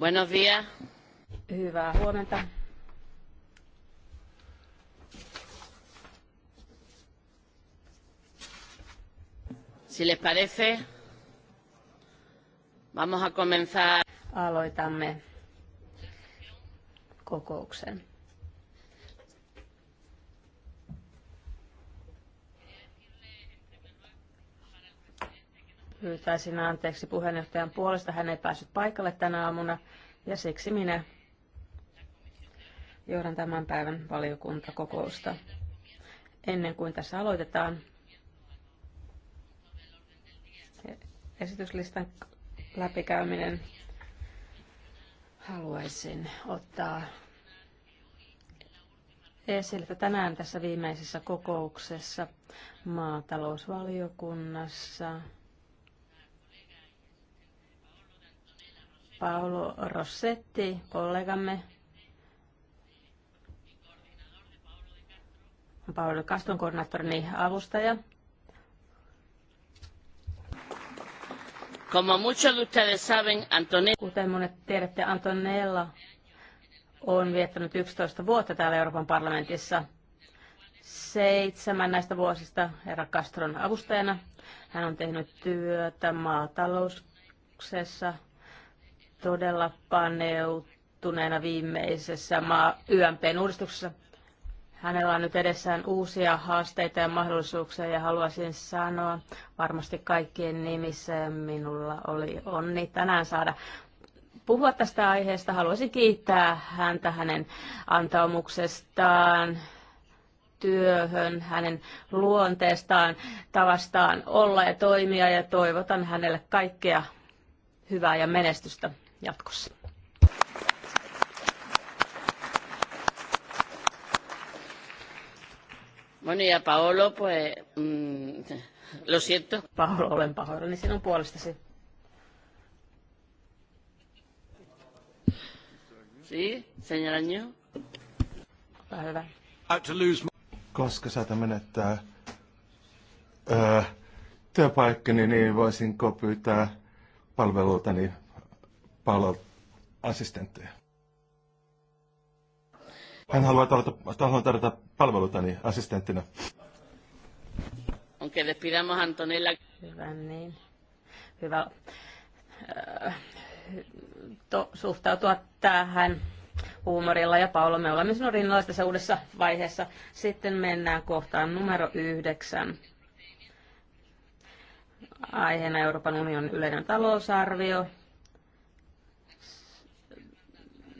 Buenos días. Hyvää huomenta. Si les parece, vamos a comenzar. Aloitamme kokouksen. pyytäisin anteeksi puheenjohtajan puolesta. Hän ei päässyt paikalle tänä aamuna ja siksi minä johdan tämän päivän valiokuntakokousta. Ennen kuin tässä aloitetaan, esityslistan läpikäyminen haluaisin ottaa esille, että tänään tässä viimeisessä kokouksessa maatalousvaliokunnassa Paolo Rossetti, kollegamme. Paolo Kaston koordinaattorini avustaja. Como muchos de ustedes saben, Antonella... Kuten monet tiedätte, Antonella on viettänyt 11 vuotta täällä Euroopan parlamentissa. Seitsemän näistä vuosista herra Castron avustajana. Hän on tehnyt työtä maatalouksessa, todella paneutuneena viimeisessä maa YMPn uudistuksessa. Hänellä on nyt edessään uusia haasteita ja mahdollisuuksia ja haluaisin sanoa varmasti kaikkien nimissä minulla oli onni tänään saada puhua tästä aiheesta. Haluaisin kiittää häntä hänen antaumuksestaan työhön, hänen luonteestaan, tavastaan olla ja toimia ja toivotan hänelle kaikkea hyvää ja menestystä jatkossa. Bueno, ja Paolo, pues, mm, lo siento. Paolo, olen pahoillani sinun puolestasi. Sí, señor Año. Olkaa hyvä. Koska saatan menettää öö, työpaikkani, niin voisinko pyytää palvelultani pallo Hän haluaa tarjota, haluaa tarjota palvelutani assistenttina. Onko le pidamos Antonella. Hyvä niin. Hyvä äh, to, suhtautua tähän huumorilla ja Paolo, Me olemme sinun rinnalla tässä uudessa vaiheessa. Sitten mennään kohtaan numero yhdeksän. Aiheena Euroopan unionin yleinen talousarvio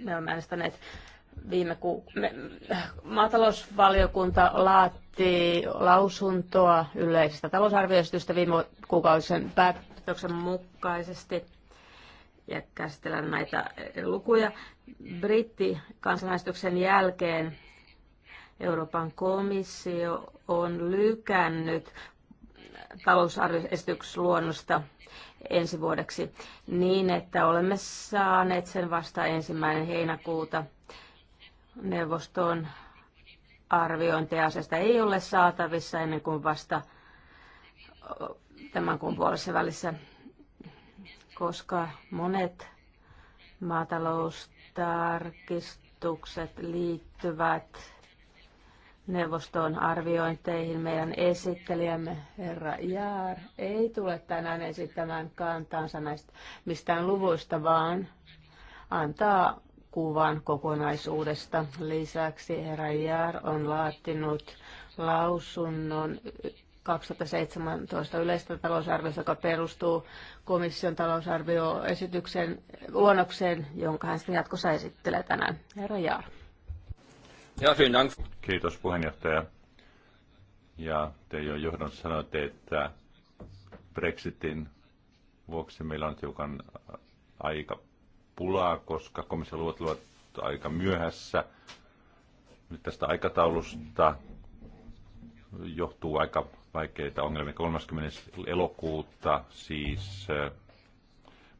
me olemme äänestäneet viime ku... me... maatalousvaliokunta laatti lausuntoa yleisestä talousarvioesitystä viime kuukausien päätöksen mukaisesti ja käsitellään näitä lukuja. Britti kansanäänestyksen jälkeen Euroopan komissio on lykännyt talousarvioesityksluonnosta ensi vuodeksi niin, että olemme saaneet sen vasta ensimmäinen heinäkuuta neuvostoon arviointia ei ole saatavissa ennen kuin vasta tämän kuun puolessa välissä, koska monet maataloustarkistukset liittyvät neuvoston arviointeihin. Meidän esittelijämme herra Jaar ei tule tänään esittämään kantaansa näistä mistään luvuista, vaan antaa kuvan kokonaisuudesta. Lisäksi herra Jaar on laatinut lausunnon 2017 yleistä talousarviosta, joka perustuu komission talousarvioesityksen luonnokseen, jonka hän sitten jatkossa esittelee tänään. Herra Jaar. Kiitos puheenjohtaja. Ja te jo johdon sanoitte, että Brexitin vuoksi meillä on tiukan äh, aika pulaa, koska komission luvut luot aika myöhässä. Nyt tästä aikataulusta johtuu aika vaikeita ongelmia. 30. elokuuta siis äh,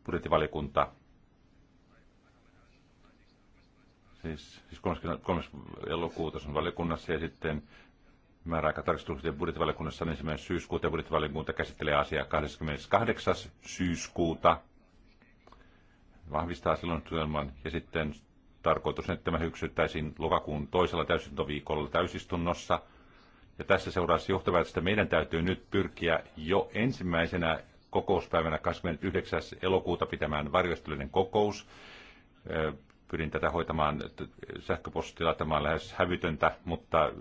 budjettivaliokunta siis, siis 3. elokuuta on valiokunnassa ja sitten määräaikatarkistukset ja budjettivaliokunnassa on ensimmäinen syyskuuta ja budjettivaliokunta käsittelee asiaa 28. syyskuuta. Vahvistaa silloin työelman ja sitten tarkoitus on, että tämä hyksyttäisiin lokakuun toisella täysistuntoviikolla täysistunnossa. Ja tässä seuraavassa johtopäätöstä meidän täytyy nyt pyrkiä jo ensimmäisenä kokouspäivänä 29. elokuuta pitämään varjostelijoiden kokous pyrin tätä hoitamaan sähköpostilla. Tämä on lähes hävytöntä, mutta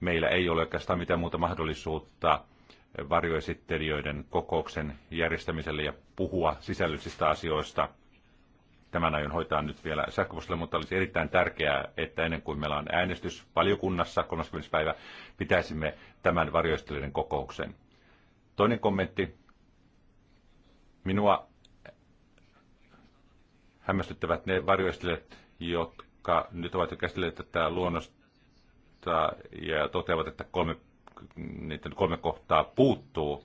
meillä ei ole oikeastaan mitään muuta mahdollisuutta varjoesittelijöiden kokouksen järjestämiselle ja puhua sisällöllisistä asioista. Tämän aion hoitaa nyt vielä sähköpostilla, mutta olisi erittäin tärkeää, että ennen kuin meillä on äänestys valiokunnassa 30. päivä, pitäisimme tämän varjoistelijoiden kokouksen. Toinen kommentti. Minua hämmästyttävät ne varjoistelijat, jotka nyt ovat jo käsitelleet tätä luonnosta ja toteavat, että kolme, niitä kolme kohtaa puuttuu.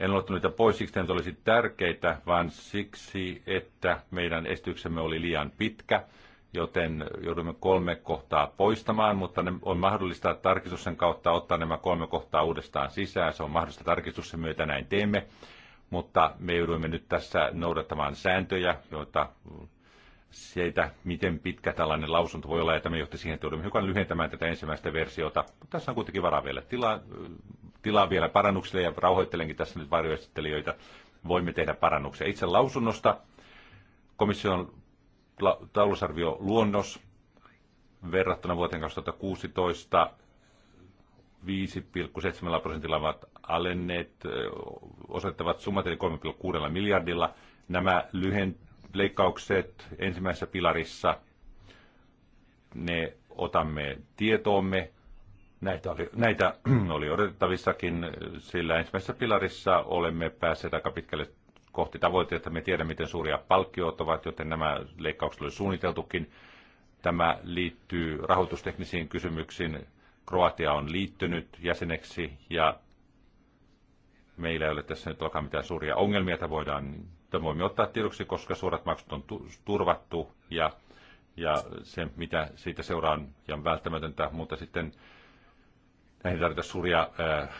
En ole niitä pois siksi, että ne olisi tärkeitä, vaan siksi, että meidän esityksemme oli liian pitkä, joten joudumme kolme kohtaa poistamaan, mutta ne on mahdollista tarkistuksen kautta ottaa nämä kolme kohtaa uudestaan sisään. Se on mahdollista tarkistuksen myötä, näin teemme mutta me jouduimme nyt tässä noudattamaan sääntöjä, joita siitä, miten pitkä tällainen lausunto voi olla, ja tämä johti siihen, että joudumme hiukan lyhentämään tätä ensimmäistä versiota. tässä on kuitenkin varaa vielä tilaa, tilaa vielä parannuksille, ja rauhoittelenkin tässä nyt varjoesittelijöitä. Voimme tehdä parannuksia. Itse lausunnosta komission talousarvio luonnos verrattuna vuoteen 2016 5,7 prosentilla ovat alenneet, osoittavat summat eli 3,6 miljardilla. Nämä lyhen leikkaukset ensimmäisessä pilarissa, ne otamme tietoomme. Näitä oli, näitä oli odotettavissakin, sillä ensimmäisessä pilarissa olemme päässeet aika pitkälle kohti tavoitteita. Me tiedämme, miten suuria palkkiot ovat, joten nämä leikkaukset oli suunniteltukin. Tämä liittyy rahoitusteknisiin kysymyksiin, Kroatia on liittynyt jäseneksi ja meillä ei ole tässä nyt alkaa mitään suuria ongelmia, että voidaan, että voimme ottaa tiedoksi, koska suorat maksut on turvattu ja, ja se, mitä siitä seuraa on, välttämätöntä, mutta sitten näihin tarvitaan suuria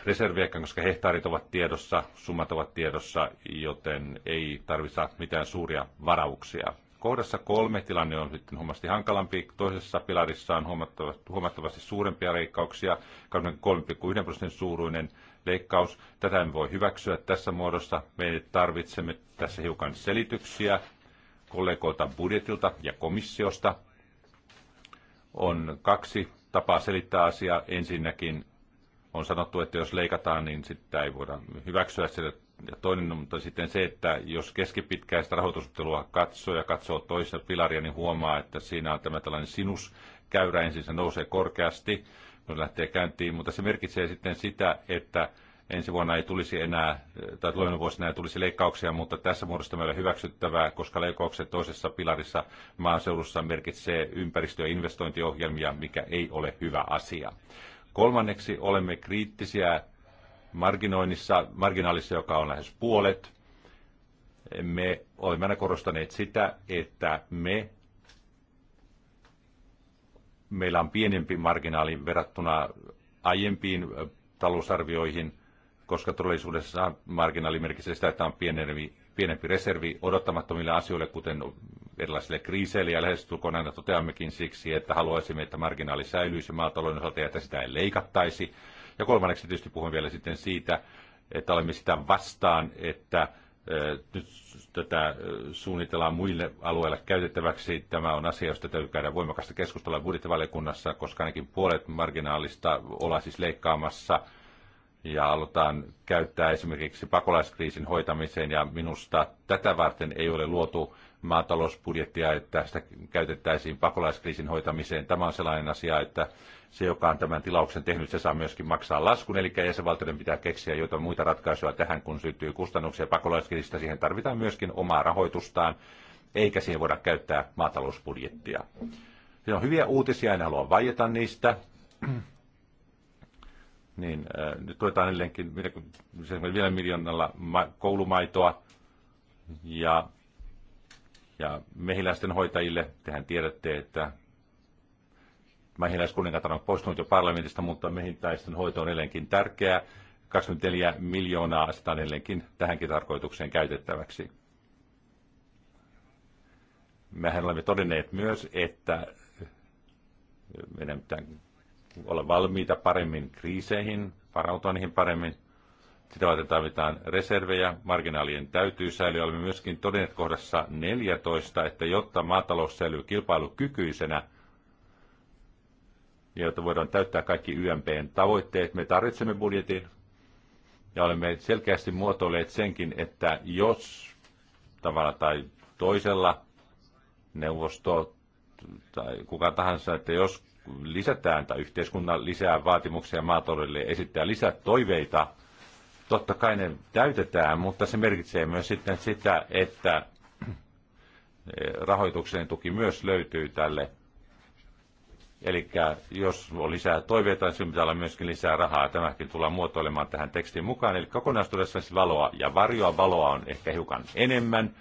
reserviä, koska hehtaarit ovat tiedossa, summat ovat tiedossa, joten ei tarvita mitään suuria varauksia. Kohdassa kolme tilanne on sitten huomattavasti hankalampi. Toisessa pilarissa on huomattavasti, huomattavasti suurempia leikkauksia, 23,1 prosentin suuruinen leikkaus. Tätä emme voi hyväksyä tässä muodossa. Me tarvitsemme tässä hiukan selityksiä kollegoilta budjetilta ja komissiosta. On kaksi tapaa selittää asiaa. Ensinnäkin on sanottu, että jos leikataan, niin sitä ei voida hyväksyä, sillä ja toinen on mutta sitten se, että jos keskipitkäistä rahoitusottelua katsoo ja katsoo toista pilaria, niin huomaa, että siinä on tämä tällainen sinus käyrä ensin se nousee korkeasti, kun lähtee käyntiin, mutta se merkitsee sitten sitä, että ensi vuonna ei tulisi enää, tai tulevina vuosina ei tulisi leikkauksia, mutta tässä muodossa meillä hyväksyttävää, koska leikkaukset toisessa pilarissa maaseudussa merkitsee ympäristö- ja investointiohjelmia, mikä ei ole hyvä asia. Kolmanneksi olemme kriittisiä marginoinnissa, marginaalissa, joka on lähes puolet. Me olemme aina korostaneet sitä, että me meillä on pienempi marginaali verrattuna aiempiin talousarvioihin, koska todellisuudessa marginaali merkitsee sitä, että on pienempi, pienempi reservi odottamattomille asioille, kuten erilaisille kriiseille, ja lähestulkoon aina toteammekin siksi, että haluaisimme, että marginaali säilyisi maatalouden osalta ja että sitä ei leikattaisi. Ja kolmanneksi tietysti puhun vielä sitten siitä, että olemme sitä vastaan, että nyt tätä suunnitellaan muille alueille käytettäväksi. Tämä on asia, josta täytyy käydä voimakasta keskustelua budjettivaliokunnassa, koska ainakin puolet marginaalista ollaan siis leikkaamassa ja halutaan käyttää esimerkiksi pakolaiskriisin hoitamiseen. Ja minusta tätä varten ei ole luotu maatalousbudjettia, että sitä käytettäisiin pakolaiskriisin hoitamiseen. Tämä on sellainen asia, että se, joka on tämän tilauksen tehnyt, se saa myöskin maksaa laskun, eli jäsenvaltioiden pitää keksiä jotain muita ratkaisuja tähän, kun syntyy kustannuksia pakolaiskirjasta. Siihen tarvitaan myöskin omaa rahoitustaan, eikä siihen voida käyttää maatalousbudjettia. Se on hyviä uutisia, en halua vaieta niistä. niin, äh, nyt tuetaan edelleenkin vielä miljoonalla koulumaitoa ja, ja mehiläisten hoitajille, tehän tiedätte, että Mähiläiskuningatar on poistunut jo parlamentista, mutta mehiläisten hoito on edelleenkin tärkeää. 24 miljoonaa sitä on edelleenkin tähänkin tarkoitukseen käytettäväksi. Mehän olemme todenneet myös, että meidän pitää olla valmiita paremmin kriiseihin, varautua niihin paremmin. Sitä varten tarvitaan reservejä, marginaalien täytyy säilyä. Olemme myöskin todenneet kohdassa 14, että jotta maatalous säilyy kilpailukykyisenä – ja jotta voidaan täyttää kaikki YMPn tavoitteet. Me tarvitsemme budjetin ja olemme selkeästi muotoilleet senkin, että jos tavalla tai toisella neuvosto tai kuka tahansa, että jos lisätään tai yhteiskunnan lisää vaatimuksia maataloudelle esittää lisää toiveita, totta kai ne täytetään, mutta se merkitsee myös sitten sitä, että rahoituksen tuki myös löytyy tälle Eli jos on lisää toiveita, niin sinun pitää olla myöskin lisää rahaa. Tämäkin tullaan muotoilemaan tähän tekstiin mukaan. Eli kokonaisuudessaan siis valoa ja varjoa. Valoa on ehkä hiukan enemmän.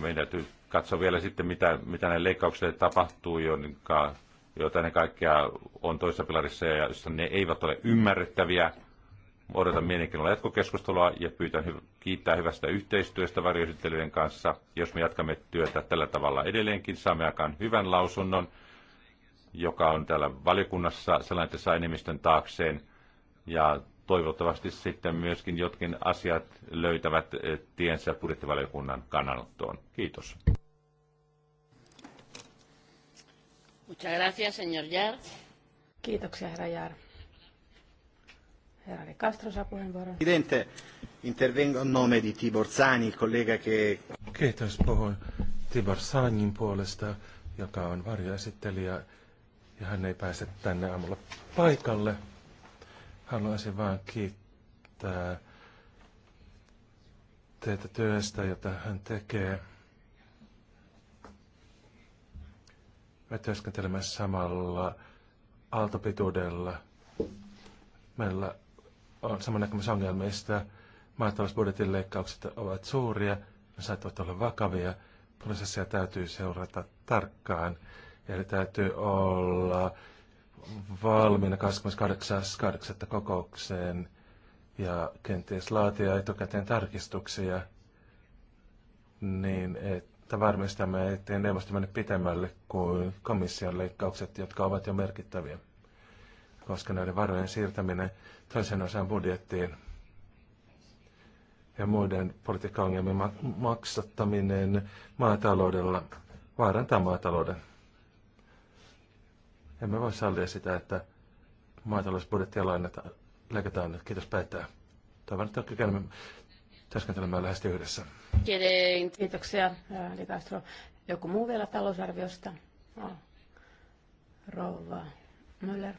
Meidän täytyy katsoa vielä sitten, mitä, mitä näille leikkauksille tapahtuu, joita ne kaikkea on toisessa pilarissa ja jossa ne eivät ole ymmärrettäviä odotan mielenkiinnolla jatkokeskustelua ja pyytän hy- kiittää hyvästä yhteistyöstä varjoesittelyjen kanssa. Jos me jatkamme työtä tällä tavalla edelleenkin, saamme aikaan hyvän lausunnon, joka on täällä valiokunnassa sellainen, että saa enemmistön taakseen. Ja toivottavasti sitten myöskin jotkin asiat löytävät eh, tiensä budjettivaliokunnan kannanottoon. Kiitos. Muchas gracias, señor Kiitoksia, herra Jaar. Herra Castro saa puheenvuoron. Presidente, intervengo nome di Tibor kollega che... Kiitos puhun Tibor Sanin puolesta, joka on varjoesittelijä ja hän ei pääse tänne aamulla paikalle. Haluaisin vain kiittää teitä työstä, jota hän tekee. Me työskentelemme samalla aaltopituudella. Meillä on sama näkemys ongelmista. Maatalousbudjetin leikkaukset ovat suuria, ne saattavat olla vakavia. Prosessia täytyy seurata tarkkaan. Eli täytyy olla valmiina 28.8. kokoukseen ja kenties laatia etukäteen tarkistuksia niin, että varmistamme, ettei neuvosto mene pitemmälle kuin komission leikkaukset, jotka ovat jo merkittäviä koska näiden varojen siirtäminen toisen osan budjettiin ja muiden politiikkaongelmien maksattaminen maataloudella vaarantaa maatalouden. Emme voi sallia sitä, että maatalousbudjettia lainata, leikataan Kiitos päättää. Toivon, että kykenemme työskentelemään lähes yhdessä. Kiitoksia, Castro. Joku muu vielä talousarviosta? Rouva Müller.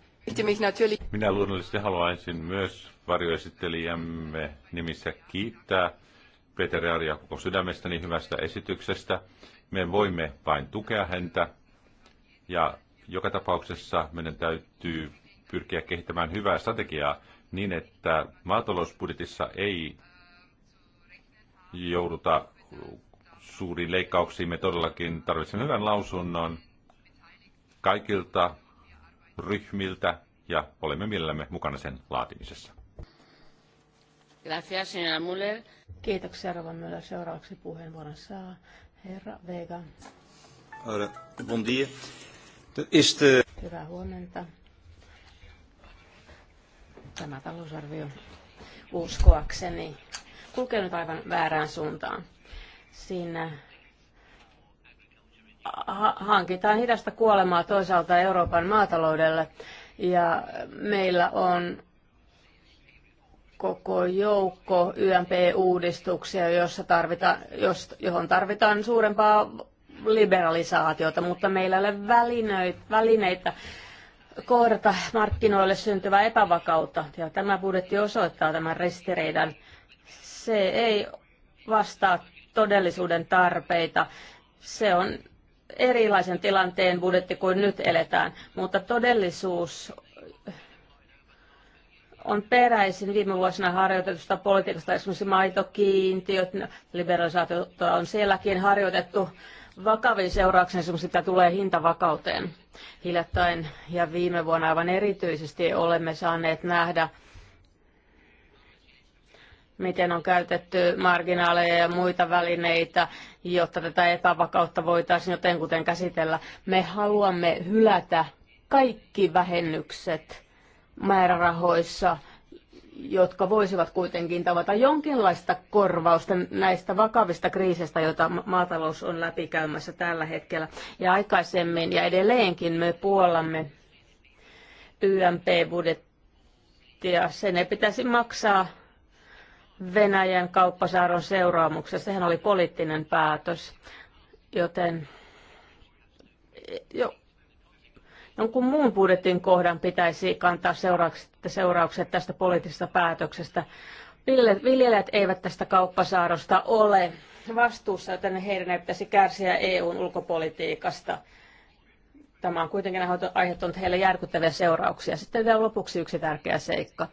Minä luonnollisesti haluaisin myös varjoesittelijämme nimissä kiittää Peter Arja koko sydämestäni hyvästä esityksestä. Me voimme vain tukea häntä ja joka tapauksessa meidän täytyy pyrkiä kehittämään hyvää strategiaa niin, että maatalousbudjetissa ei jouduta suuriin leikkauksiin. Me todellakin tarvitsemme hyvän lausunnon kaikilta ryhmiltä ja olemme mielellämme mukana sen laatimisessa. Gracias, señora Müller. Kiitoksia, Rova Müller. Seuraavaksi puheenvuoron saa herra Vega. Ora, bon dia. Este... Hyvää huomenta. Tämä talousarvio uskoakseni kulkee nyt aivan väärään suuntaan. Siinä hankitaan hidasta kuolemaa toisaalta Euroopan maataloudelle. Ja meillä on koko joukko YMP-uudistuksia, jossa tarvitaan, jos, johon tarvitaan suurempaa liberalisaatiota, mutta meillä ei ole välineitä, välineitä kohdata markkinoille syntyvää epävakautta. Ja tämä budjetti osoittaa tämän ristiriidan. Se ei vastaa todellisuuden tarpeita. Se on erilaisen tilanteen budjetti kuin nyt eletään, mutta todellisuus on peräisin viime vuosina harjoitetusta politiikasta, esimerkiksi maitokiintiöt, liberalisaatiota on sielläkin harjoitettu vakavin seurauksen esimerkiksi mitä tulee hintavakauteen. Hiljattain ja viime vuonna aivan erityisesti olemme saaneet nähdä miten on käytetty marginaaleja ja muita välineitä, jotta tätä epävakautta voitaisiin jotenkuten käsitellä. Me haluamme hylätä kaikki vähennykset määrärahoissa, jotka voisivat kuitenkin tavata jonkinlaista korvausta näistä vakavista kriiseistä, joita maatalous on läpikäymässä tällä hetkellä. Ja aikaisemmin ja edelleenkin me puolamme YMP-budjettia. Sen ei pitäisi maksaa Venäjän kauppasaaron seuraamuksessa. Sehän oli poliittinen päätös, joten jo, jonkun muun budjetin kohdan pitäisi kantaa seuraukset tästä poliittisesta päätöksestä. Viljelijät eivät tästä kauppasaarosta ole vastuussa, joten heidän ei pitäisi kärsiä EUn ulkopolitiikasta. Tämä on kuitenkin aiheuttanut heille järkyttäviä seurauksia. Sitten vielä lopuksi yksi tärkeä seikka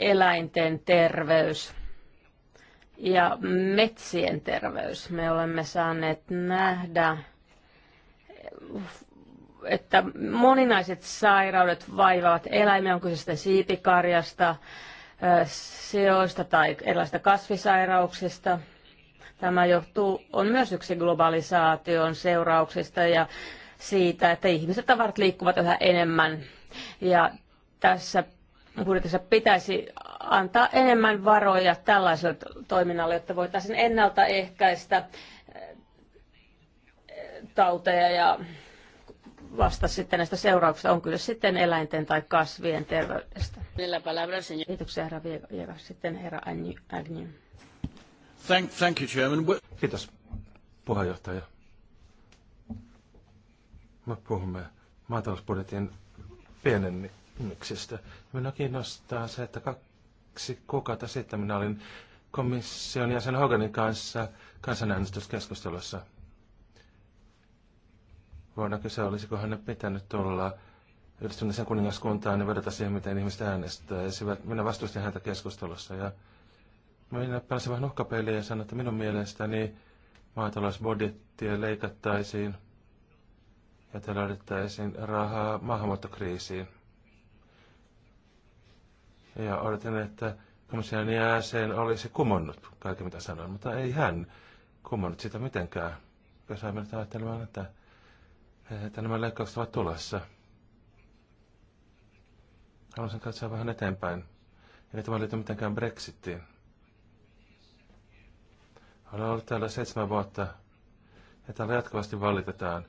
eläinten terveys ja metsien terveys. Me olemme saaneet nähdä, että moninaiset sairaudet vaivaavat eläimiä, onko se sitä siipikarjasta, seoista tai erilaisista kasvisairauksista. Tämä johtuu, on myös yksi globalisaation seurauksista ja siitä, että ihmiset tavarat liikkuvat yhä enemmän. Ja tässä budjetissa pitäisi antaa enemmän varoja tällaiselle toiminnalle, jotta voitaisiin ennaltaehkäistä eh, tauteja ja vasta sitten näistä seurauksista on kyllä sitten eläinten tai kasvien terveydestä. Kiitoksia herra Viega. Sitten herra Agnew. Thank, thank you, Chairman. Kiitos puheenjohtaja. Me puhumme maatalousbudjetin pienenni, kysymyksestä. Minua kiinnostaa se, että kaksi kuukautta sitten minä olin komission jäsen Hoganin kanssa kansanäänestyskeskustelussa. Vuonna kyse olisiko hän pitänyt tulla yhdistyneeseen kuningaskuntaan ja niin vedota siihen, miten ihmiset äänestää. Ja minä vastustin häntä keskustelussa ja minä pääsin vähän uhkapeliin ja sanoin, että minun mielestäni maatalousbudjettia leikattaisiin ja te rahaa maahanmuuttokriisiin. Ja odotin, että komission jäsen olisi kumonnut kaiken mitä sanoin, mutta ei hän kumonnut sitä mitenkään. Ja saimme nyt ajattelemaan, että, että nämä leikkaukset ovat tulossa. Haluaisin katsoa vähän eteenpäin. Ei tämä liity mitenkään Brexitiin. Olen ollut täällä seitsemän vuotta ja täällä jatkuvasti valitetaan.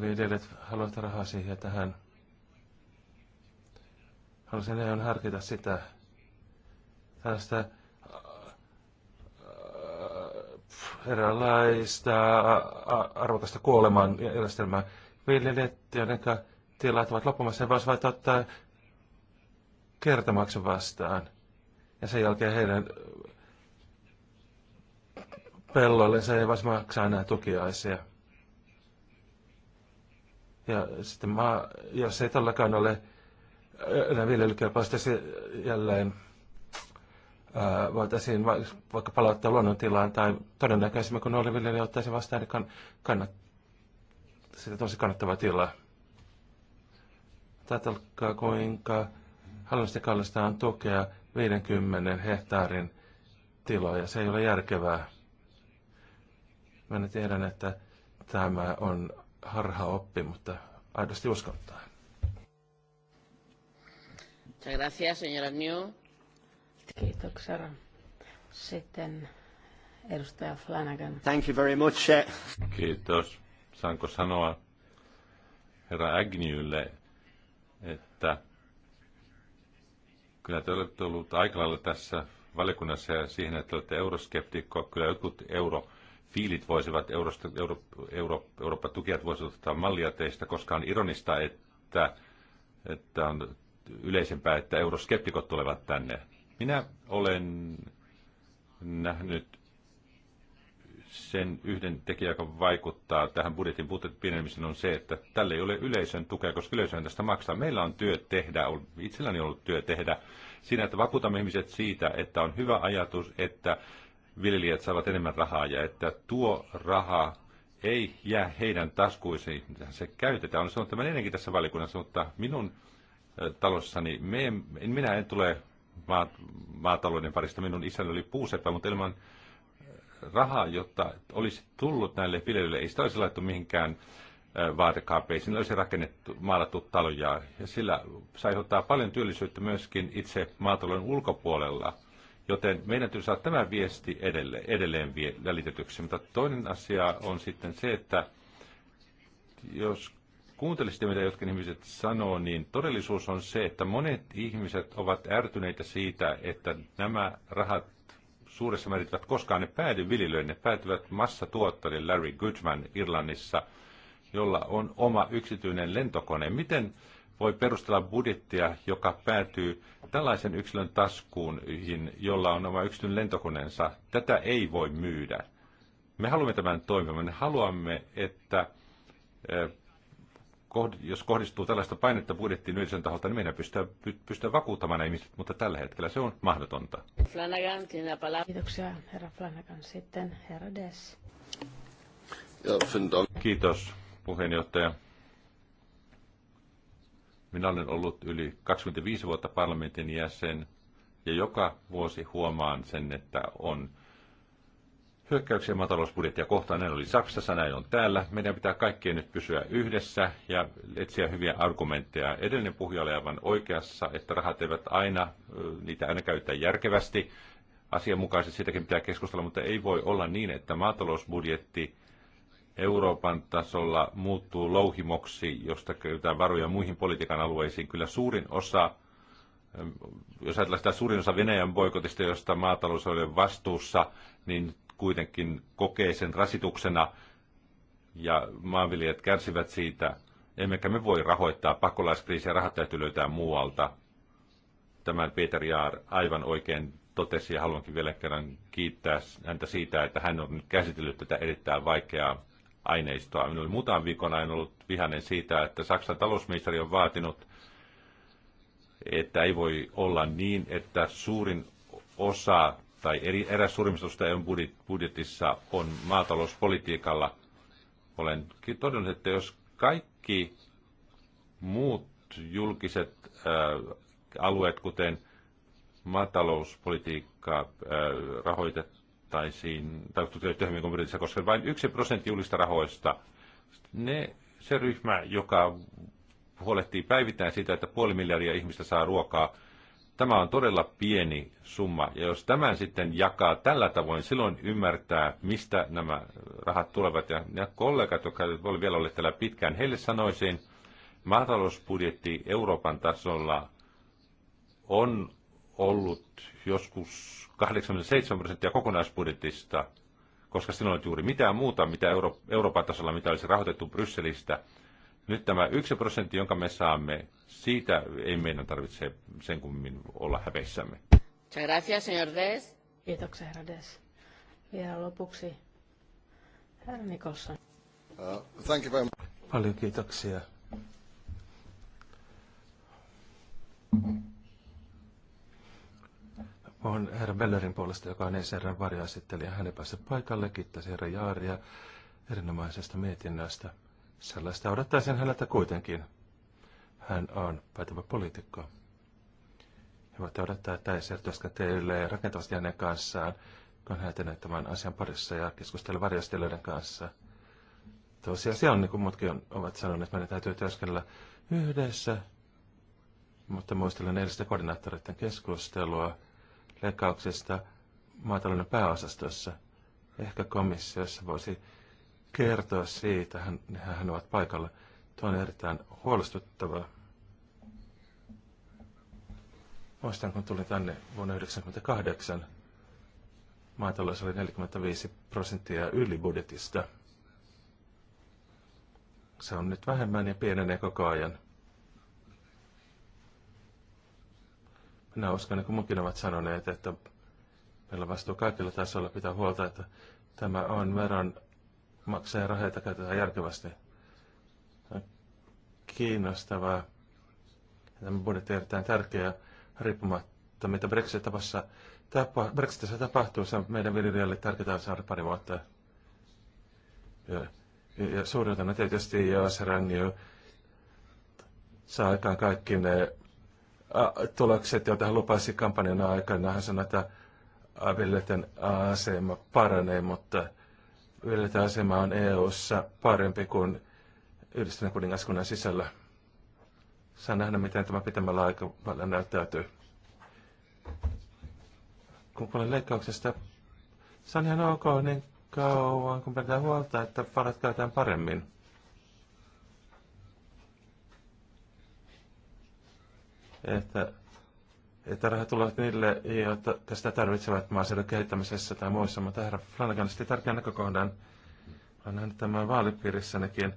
Viljelijät haluavat rahaa siihen ja tähän. Haluaisin ihan harkita sitä tällaista äh, äh, eräänlaista äh, arvokasta kuoleman järjestelmää. Viljelijät, joiden tilat ovat loppumassa, he voisivat ottaa kertamaksun vastaan. Ja sen jälkeen heidän pelloillensa ei voisi maksaa enää tukiaisia. Ja sitten maa, jos ei todellakaan ole enää viljelykelpoisesti jälleen ää, voitaisiin vaikka palauttaa luonnontilaan tai todennäköisemmin kun oliviljelijä ottaisi vastaan, niin kann, kannat, sitä tosi kannattavaa tilaa. Tätä kuinka hallinnollisesti kallistaan tukea 50 hehtaarin tiloja. Se ei ole järkevää. Mä tiedä, että tämä on harha oppi, mutta aidosti uskottaa. Muchas gracias, señora Kiitoksia. Sitten edustaja Flanagan. Thank you very much. Kiitos. Saanko sanoa herra Agnewlle, että kyllä te olette ollut aika lailla tässä valiokunnassa ja siihen, että olette euroskeptikko. Kyllä jotkut euro fiilit voisivat, eurosta, euro, euro, Eurooppa-tukijat voisivat ottaa mallia teistä, koska on ironista, että, että on yleisempää, että euroskeptikot tulevat tänne. Minä olen nähnyt sen yhden tekijän, joka vaikuttaa tähän budjetin pienenemiseen, on se, että tälle ei ole yleisön tukea, koska yleisön tästä maksaa. Meillä on työ tehdä, itselläni on ollut työ tehdä, siinä, että vakuutamme ihmiset siitä, että on hyvä ajatus, että viljelijät saavat enemmän rahaa ja että tuo raha ei jää heidän taskuisiin, se käytetään. Olen sanonut tämän ennenkin tässä valikunnassa, mutta minun talossa, niin me, en, minä en tule maa, maatalouden parista. Minun isäni oli puuseppä, mutta ilman äh, rahaa, jotta olisi tullut näille viljelijöille, ei sitä olisi laittu mihinkään äh, vaatekaapeisiin. Sillä olisi rakennettu, maalattu taloja ja sillä sai ottaa paljon työllisyyttä myöskin itse maatalouden ulkopuolella. Joten meidän täytyy saada tämä viesti edelleen, edelleen välitetyksi. Mutta toinen asia on sitten se, että jos sitä, mitä jotkin ihmiset sanoo, niin todellisuus on se, että monet ihmiset ovat ärtyneitä siitä, että nämä rahat suuressa määrin eivät koskaan ne päädy viljelyyn. ne päätyvät massatuottajille Larry Goodman Irlannissa, jolla on oma yksityinen lentokone. Miten voi perustella budjettia, joka päätyy tällaisen yksilön taskuun, jolla on oma yksityinen lentokoneensa? Tätä ei voi myydä. Me haluamme tämän toimivan. Me haluamme, että eh, jos kohdistuu tällaista painetta budjettiin yleisön taholta, niin meidän pystyy, pystyy vakuuttamaan ihmiset, mutta tällä hetkellä se on mahdotonta. Flanagan, Kiitoksia, herra Flanagan. Sitten herra Des. Kiitos, puheenjohtaja. Minä olen ollut yli 25 vuotta parlamentin jäsen ja joka vuosi huomaan sen, että on hyökkäyksiä maatalousbudjettia kohtaan. Näin oli Saksassa, näin on täällä. Meidän pitää kaikkien nyt pysyä yhdessä ja etsiä hyviä argumentteja. Edellinen puhuja oli aivan oikeassa, että rahat eivät aina, niitä aina käyttää järkevästi. Asianmukaisesti siitäkin pitää keskustella, mutta ei voi olla niin, että maatalousbudjetti Euroopan tasolla muuttuu louhimoksi, josta käytetään varoja muihin politiikan alueisiin. Kyllä suurin osa jos ajatellaan sitä suurin osa Venäjän boikotista, josta maatalous oli vastuussa, niin kuitenkin kokee sen rasituksena ja maanviljelijät kärsivät siitä. Emmekä me voi rahoittaa pakolaiskriisiä, rahat täytyy löytää muualta. Tämän Peter Jaar aivan oikein totesi ja haluankin vielä kerran kiittää häntä siitä, että hän on nyt käsitellyt tätä erittäin vaikeaa aineistoa. Minulla oli muutaman viikon ajan ollut vihainen siitä, että Saksan talousministeri on vaatinut, että ei voi olla niin, että suurin osa tai eri, eräs suurimmista EUn budjetissa on maatalouspolitiikalla. Olen todennut, että jos kaikki muut julkiset ää, äh, alueet, kuten maatalouspolitiikka, ää, äh, rahoitettaisiin, tai kuin budjetissa, koska vain yksi prosentti julkista rahoista, ne, se ryhmä, joka huolehtii päivittäin siitä, että puoli miljardia ihmistä saa ruokaa, Tämä on todella pieni summa, ja jos tämän sitten jakaa tällä tavoin, silloin ymmärtää, mistä nämä rahat tulevat. Ja ne kollegat, jotka voi vielä olleet täällä pitkään, heille sanoisin, maatalousbudjetti Euroopan tasolla on ollut joskus 87 prosenttia kokonaisbudjetista, koska silloin ei juuri mitään muuta, mitä Euro- Euroopan tasolla, mitä olisi rahoitettu Brysselistä – nyt tämä yksi prosentti, jonka me saamme, siitä ei meidän tarvitse sen kummin olla häpeissämme. Gracias, señor Des. Kiitoksia, herra Des. Vielä lopuksi herra Nikolson. Uh, thank you very much. Paljon kiitoksia. on herra Bellerin puolesta, joka on herran varjaesittelijä. Hän ei pääse paikalle, kiittäisi herra Jaaria erinomaisesta mietinnöstä. Sellaista odottaisin häneltä kuitenkin. Hän on pätevä poliitikko. He voivat odottaa, että Eiser teille rakentavasti hänen kanssaan, kun hän etenee tämän asian parissa ja keskustelee varjostelijoiden kanssa. Tosiasia on, niin kuin muutkin ovat sanoneet, että meidän täytyy työskennellä yhdessä, mutta muistelen edellistä koordinaattoreiden keskustelua leikkauksesta maatalouden pääosastossa. Ehkä komissiossa voisi kertoa siitä, hän, hän ovat paikalla. Tuo on erittäin huolestuttavaa. Muistan, kun tulin tänne vuonna 1998, maatalous oli 45 prosenttia yli budjetista. Se on nyt vähemmän ja pienenee koko ajan. Minä uskon, niin kuin munkin ovat sanoneet, että meillä vastuu kaikilla tasoilla pitää huolta, että tämä on veron maksaa rahoja käytetään järkevästi. Kiinnostavaa. Tämä budjetti on erittäin tärkeä riippumatta, mitä Brexit-tapassa tapa, Brexitissä tapahtuu. Se on meidän viljelijöille tärkeää saada pari vuotta. Ja, ja suurintana tietysti jos Rangio saa aikaan kaikki ne tulokset, joita hän lupasi kampanjan aikana. Hän sanoi, että viljelijöiden asema paranee, mutta yleinen asema on EU-ssa parempi kuin yhdistyneen kuningaskunnan sisällä. Saan nähdä, miten tämä pitämällä aikavälillä näyttäytyy. Kun kuulen leikkauksesta, se on ihan ok niin kauan, kun pitää huolta, että palat käytetään paremmin. Että että rahat tulevat niille, joita tästä tarvitsevat maaseudun kehittämisessä tai muissa, mutta herra Flanagan sitten tärkeän näkökohdan. Olen nähnyt tämän vaalipiirissänikin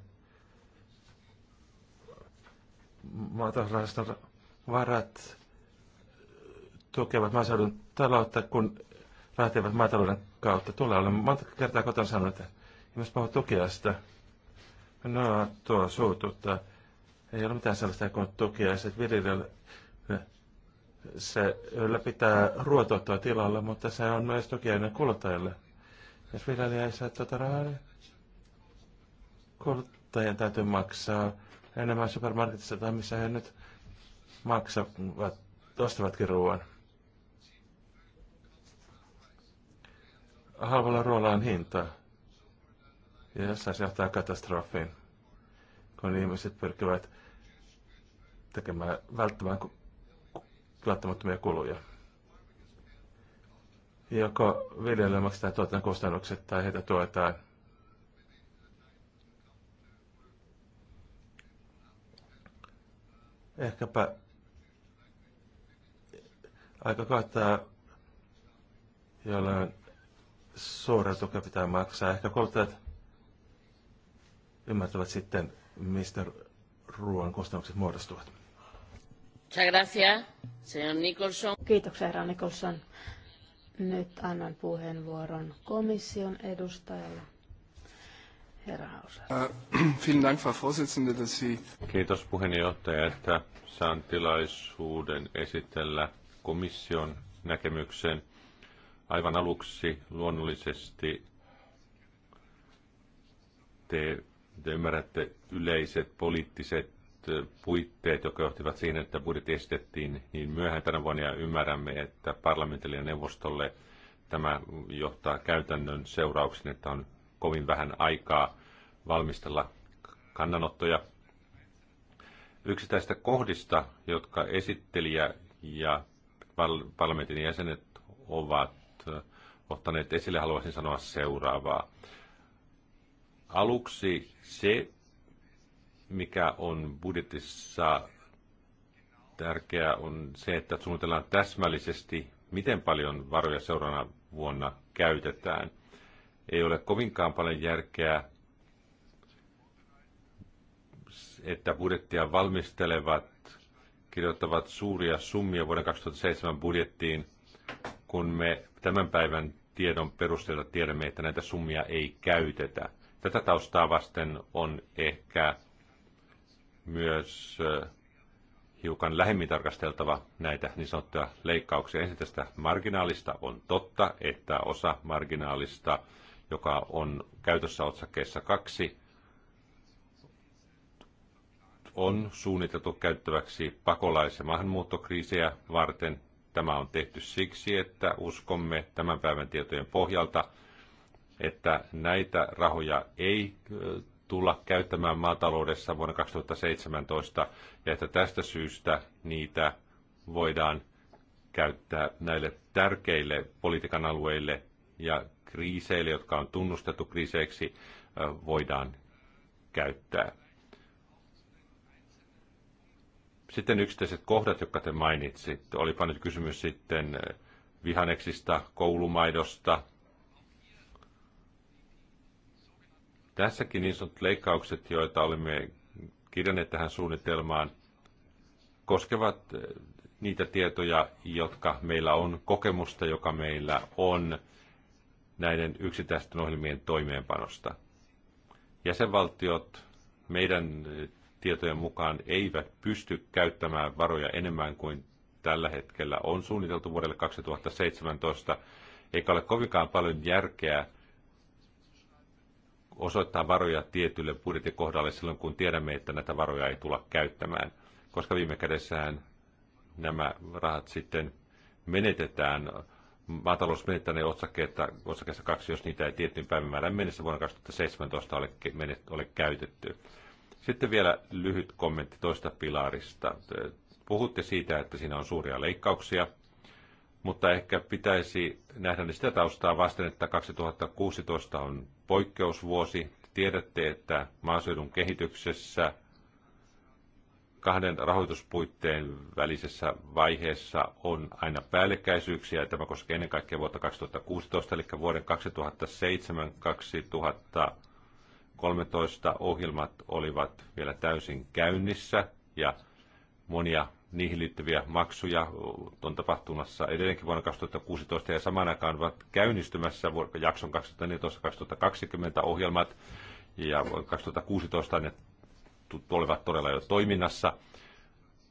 maatalousrahaston varat tukevat maaseudun taloutta, kun lähtevät maatalouden kautta tulee Olen monta kertaa kotona sanonut, että ihmiset puhuvat tukea sitä. No, tuo suututtaa. Ei ole mitään sellaista kuin tukiaiset viljelijöille se ylläpitää ruoantuottoa tilalla, mutta se on myös aina kuluttajalle. Jos viljelijä ei saa tuota rahaa, niin kuluttajien täytyy maksaa enemmän supermarketissa tai missä he nyt maksavat, ostavatkin ruoan. Halvalla ruoalla on hinta. Ja jossain se johtaa katastrofiin, kun ihmiset pyrkivät tekemään, välttämään välttämättömiä kuluja. Joko viljelijöille maksetaan tuotannon kustannukset tai heitä tuetaan. Ehkäpä aika kohtaa, jolloin suuret tukea pitää maksaa. Ehkä kuluttajat ymmärtävät sitten, mistä ruoan kustannukset muodostuvat. Muchas gracias, señor Nicholson. Kiitoksia, herra Nicholson. Nyt annan puheenvuoron komission edustajalle. Herra Hauser. Äh, Kiitos puheenjohtaja, että saan tilaisuuden esitellä komission näkemyksen. Aivan aluksi luonnollisesti te, te ymmärrätte yleiset poliittiset puitteet, jotka johtivat siihen, että budjetti esitettiin niin myöhään tänä vuonna, ja ymmärrämme, että parlamentille ja neuvostolle tämä johtaa käytännön seurauksen, että on kovin vähän aikaa valmistella kannanottoja yksittäistä kohdista, jotka esittelijä ja parlamentin jäsenet ovat ottaneet esille, haluaisin sanoa seuraavaa. Aluksi se, mikä on budjetissa tärkeää, on se, että suunnitellaan täsmällisesti, miten paljon varoja seuraavana vuonna käytetään. Ei ole kovinkaan paljon järkeä, että budjettia valmistelevat kirjoittavat suuria summia vuoden 2007 budjettiin, kun me tämän päivän tiedon perusteella tiedämme, että näitä summia ei käytetä. Tätä taustaa vasten on ehkä myös äh, hiukan lähemmin tarkasteltava näitä niin sanottuja leikkauksia. Ensin tästä marginaalista on totta, että osa marginaalista, joka on käytössä otsakkeessa kaksi, on suunniteltu käyttäväksi pakolais- ja maahanmuuttokriisejä varten. Tämä on tehty siksi, että uskomme tämän päivän tietojen pohjalta, että näitä rahoja ei äh, tulla käyttämään maataloudessa vuonna 2017 ja että tästä syystä niitä voidaan käyttää näille tärkeille politiikan alueille ja kriiseille, jotka on tunnustettu kriiseiksi, voidaan käyttää. Sitten yksittäiset kohdat, jotka te mainitsitte, olipa nyt kysymys sitten vihaneksista, koulumaidosta Tässäkin niin sanotut leikkaukset, joita olemme kirjanneet tähän suunnitelmaan, koskevat eh, niitä tietoja, jotka meillä on, kokemusta, joka meillä on näiden yksittäisten ohjelmien toimeenpanosta. Jäsenvaltiot meidän eh, tietojen mukaan eivät pysty käyttämään varoja enemmän kuin tällä hetkellä on suunniteltu vuodelle 2017, eikä ole kovinkaan paljon järkeä osoittaa varoja tietylle budjettikohdalle silloin, kun tiedämme, että näitä varoja ei tulla käyttämään, koska viime kädessään nämä rahat sitten menetetään maatalous menettää ne otsakkeita, otsakkeessa kaksi, jos niitä ei tiettyyn päivämäärään mennessä vuonna 2017 ole, ole käytetty. Sitten vielä lyhyt kommentti toista pilarista. Puhutte siitä, että siinä on suuria leikkauksia – mutta ehkä pitäisi nähdä sitä taustaa vasten, että 2016 on poikkeusvuosi. Tiedätte, että maaseudun kehityksessä kahden rahoituspuitteen välisessä vaiheessa on aina päällekkäisyyksiä, tämä koskee ennen kaikkea vuotta 2016, eli vuoden 2007-2013 ohjelmat olivat vielä täysin käynnissä, ja monia niihin liittyviä maksuja on tapahtumassa edelleenkin vuonna 2016 ja samaan aikaan ovat käynnistymässä jakson 2014-2020 ohjelmat ja 2016 ne tulevat todella jo toiminnassa,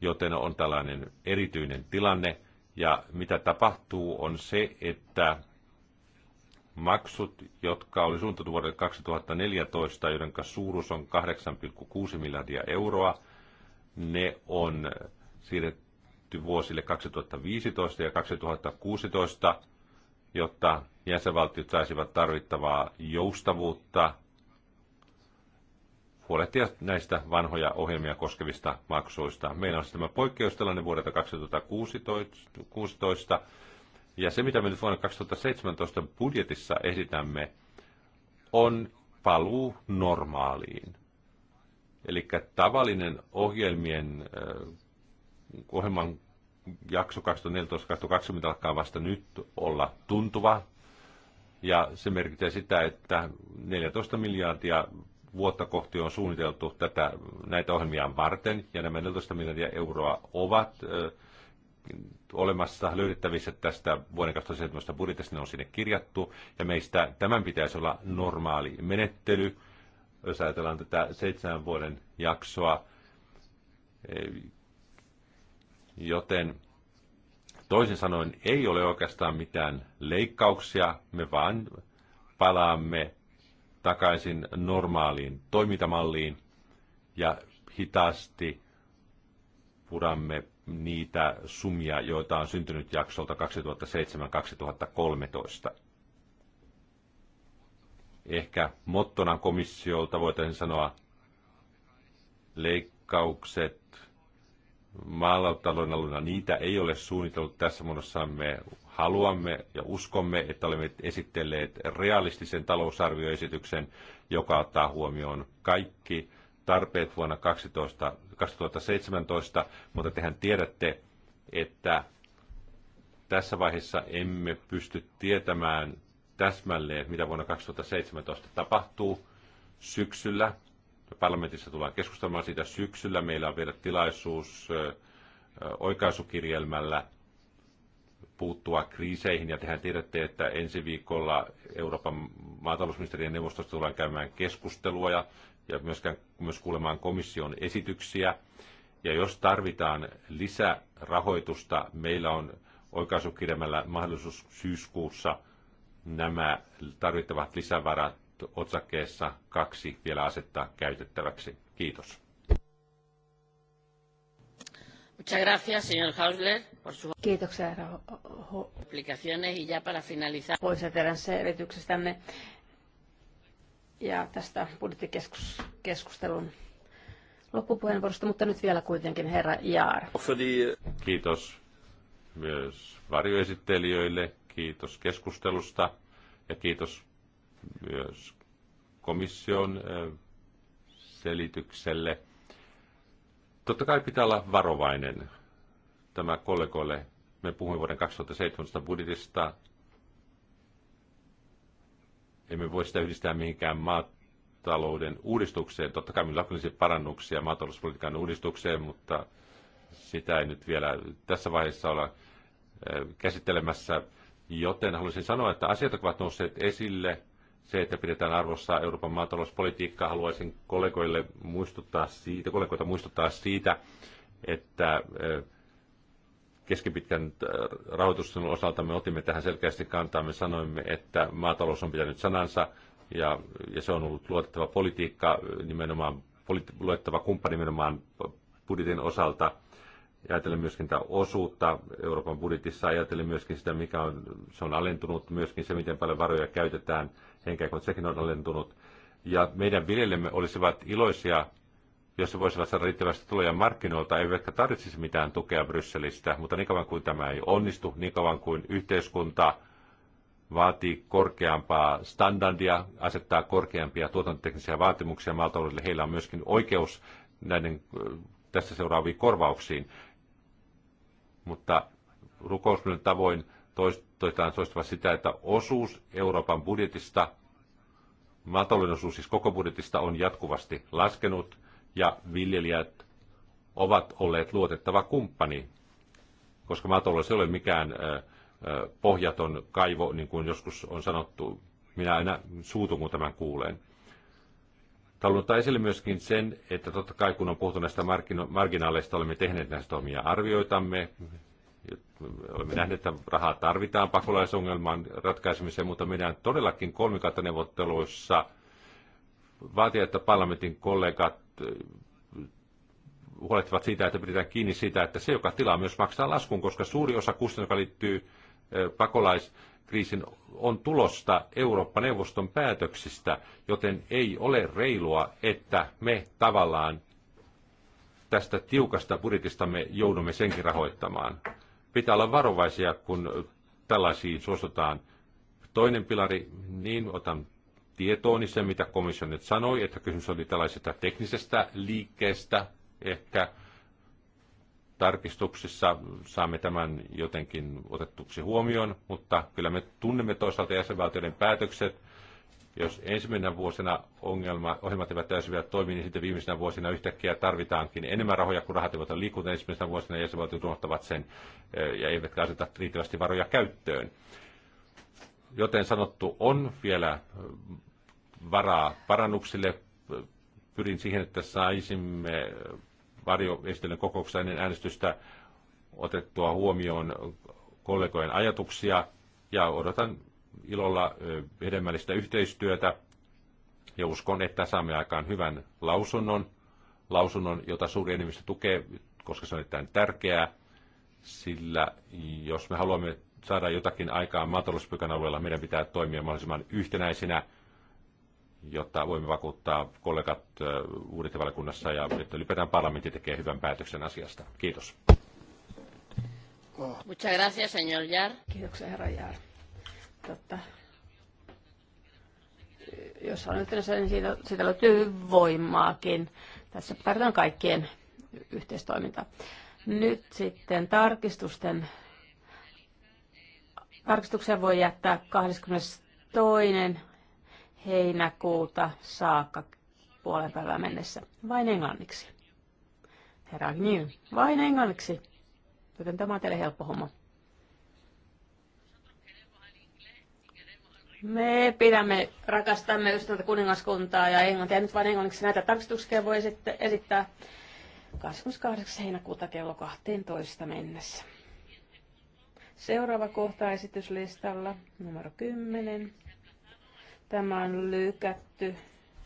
joten on tällainen erityinen tilanne. Ja mitä tapahtuu on se, että maksut, jotka oli suunniteltu vuodelle 2014, joiden suuruus on 8,6 miljardia euroa, ne on siirretty vuosille 2015 ja 2016, jotta jäsenvaltiot saisivat tarvittavaa joustavuutta huolehtia näistä vanhoja ohjelmia koskevista maksuista. Meillä on siis tämä poikkeustilanne vuodelta 2016, ja se, mitä me nyt vuonna 2017 budjetissa esitämme, on paluu normaaliin. Eli tavallinen ohjelmien ohjelman jakso 2014-2020 alkaa vasta nyt olla tuntuva. Ja se merkitsee sitä, että 14 miljardia vuotta kohti on suunniteltu tätä, näitä ohjelmia varten, ja nämä 14 miljardia euroa ovat ö, olemassa löydettävissä tästä vuoden 2017 budjetista, ne on sinne kirjattu, ja meistä tämän pitäisi olla normaali menettely, jos ajatellaan tätä seitsemän vuoden jaksoa, Joten toisin sanoen ei ole oikeastaan mitään leikkauksia, me vaan palaamme takaisin normaaliin toimintamalliin ja hitaasti puramme niitä sumia, joita on syntynyt jaksolta 2007-2013. Ehkä mottona komissiolta voitaisiin sanoa leikkaukset maalautalouden niitä ei ole suunniteltu tässä muodossa. Me haluamme ja uskomme, että olemme esitelleet realistisen talousarvioesityksen, joka ottaa huomioon kaikki tarpeet vuonna 12, 2017, mutta tehän tiedätte, että tässä vaiheessa emme pysty tietämään täsmälleen, mitä vuonna 2017 tapahtuu. Syksyllä Parlamentissa tullaan keskustelemaan siitä syksyllä. Meillä on vielä tilaisuus oikaisukirjelmällä puuttua kriiseihin. Ja tehän tiedätte, että ensi viikolla Euroopan maatalousministerien neuvostosta tullaan käymään keskustelua ja, ja myöskään, myös kuulemaan komission esityksiä. Ja jos tarvitaan lisärahoitusta, meillä on oikaisukirjelmällä mahdollisuus syyskuussa nämä tarvittavat lisävarat otsakkeessa kaksi vielä asettaa käytettäväksi. Kiitos. Kiitoksia, herra Aplicaciones y ya para finalizar. Poissa teidän selvityksestänne ja tästä budjettikeskustelun loppupuheenvuorosta, mutta nyt vielä kuitenkin herra Jaar. Kiitos myös varjoesittelijöille, kiitos keskustelusta ja kiitos myös komission selitykselle. Totta kai pitää olla varovainen tämä kollegoille. Me puhumme vuoden 2017 budjetista. Emme voi sitä yhdistää mihinkään maatalouden uudistukseen. Totta kai meillä on parannuksia maatalouspolitiikan uudistukseen, mutta sitä ei nyt vielä tässä vaiheessa olla käsittelemässä. Joten haluaisin sanoa, että asiat ovat nousseet esille – se, että pidetään arvossa Euroopan maatalouspolitiikkaa. Haluaisin kollegoille muistuttaa siitä, kollegoita muistuttaa siitä, että e, keskipitkän e, rahoitusten osalta me otimme tähän selkeästi kantaa. Me sanoimme, että maatalous on pitänyt sanansa ja, ja se on ollut luotettava politiikka, e, nimenomaan luettava kumppani nimenomaan budjetin osalta – ja ajatellen myöskin tätä osuutta Euroopan budjetissa, ajatellen myöskin sitä, mikä on, se on alentunut, myöskin se, miten paljon varoja käytetään, henkeä kun sekin on alentunut. Ja meidän viljelemme olisivat iloisia, jos se voisivat saada riittävästi tuloja markkinoilta, eivätkä tarvitsisi mitään tukea Brysselistä, mutta niin kauan kuin tämä ei onnistu, niin kauan kuin yhteiskunta vaatii korkeampaa standardia, asettaa korkeampia tuotantoteknisiä vaatimuksia maataloudelle, heillä on myöskin oikeus näiden tässä seuraaviin korvauksiin mutta rukousmyön tavoin toistetaan toistuva sitä, että osuus Euroopan budjetista, maatalouden osuus siis koko budjetista on jatkuvasti laskenut ja viljelijät ovat olleet luotettava kumppani, koska maatalous ei ole mikään pohjaton kaivo, niin kuin joskus on sanottu. Minä aina suutun, kun tämän kuulen ottaa esille myöskin sen, että totta kai kun on puhuttu näistä marginaaleista, olemme tehneet näistä omia arvioitamme. Olemme nähneet, että rahaa tarvitaan pakolaisongelman ratkaisemiseen, mutta meidän todellakin kolmikantaneuvotteluissa vaatii, että parlamentin kollegat eh, huolehtivat siitä, että pidetään kiinni siitä, että se, joka tilaa, myös maksaa laskun, koska suuri osa kustannuksia joka liittyy eh, pakolais- kriisin on tulosta Eurooppa-neuvoston päätöksistä, joten ei ole reilua, että me tavallaan tästä tiukasta budjetistamme joudumme senkin rahoittamaan. Pitää olla varovaisia, kun tällaisiin suostutaan. Toinen pilari, niin otan tietooni sen, se, mitä komissio nyt sanoi, että kysymys oli tällaisesta teknisestä liikkeestä, ehkä tarkistuksissa saamme tämän jotenkin otettuksi huomioon, mutta kyllä me tunnemme toisaalta jäsenvaltioiden päätökset. Jos ensimmäisenä vuosina ongelma, ohjelmat eivät täysin vielä toimi, niin sitten viimeisenä vuosina yhtäkkiä tarvitaankin enemmän rahoja, kun rahat eivät ole ensimmäisenä vuosina, jäsenvaltiot unohtavat sen eh, ja eivät aseta riittävästi varoja käyttöön. Joten sanottu on vielä eh, varaa parannuksille. Pyrin siihen, että saisimme varjoestelyn kokouksessa ennen äänestystä otettua huomioon kollegojen ajatuksia ja odotan ilolla hedelmällistä yhteistyötä ja uskon, että saamme aikaan hyvän lausunnon, lausunnon, jota suuri enemmistö tukee, koska se on erittäin tärkeää, sillä jos me haluamme saada jotakin aikaa, maatalouspykän alueella, meidän pitää toimia mahdollisimman yhtenäisinä jotta voimme vakuuttaa kollegat uudettivaliokunnassa ja että ylipäätään parlamentti tekee hyvän päätöksen asiasta. Kiitos. Oh. Muchas gracias, señor Jar. Kiitoksia, herra Jar. Totta. Jos on niin yhteydessä, niin siitä, siitä löytyy voimaakin. Tässä tarvitaan kaikkien yhteistoimintaa. Nyt sitten tarkistusten Tarkistuksen voi jättää 22 heinäkuuta saakka puolen päivän mennessä. Vain englanniksi. Herra Agnew, vain englanniksi. Joten tämä on teille helppo homma. Me pidämme, rakastamme ystävältä kuningaskuntaa ja englantia. Nyt vain englanniksi näitä tarkistuksia voi esittää 28. heinäkuuta kello 12 mennessä. Seuraava kohta esityslistalla, numero 10. Tämä on lykätty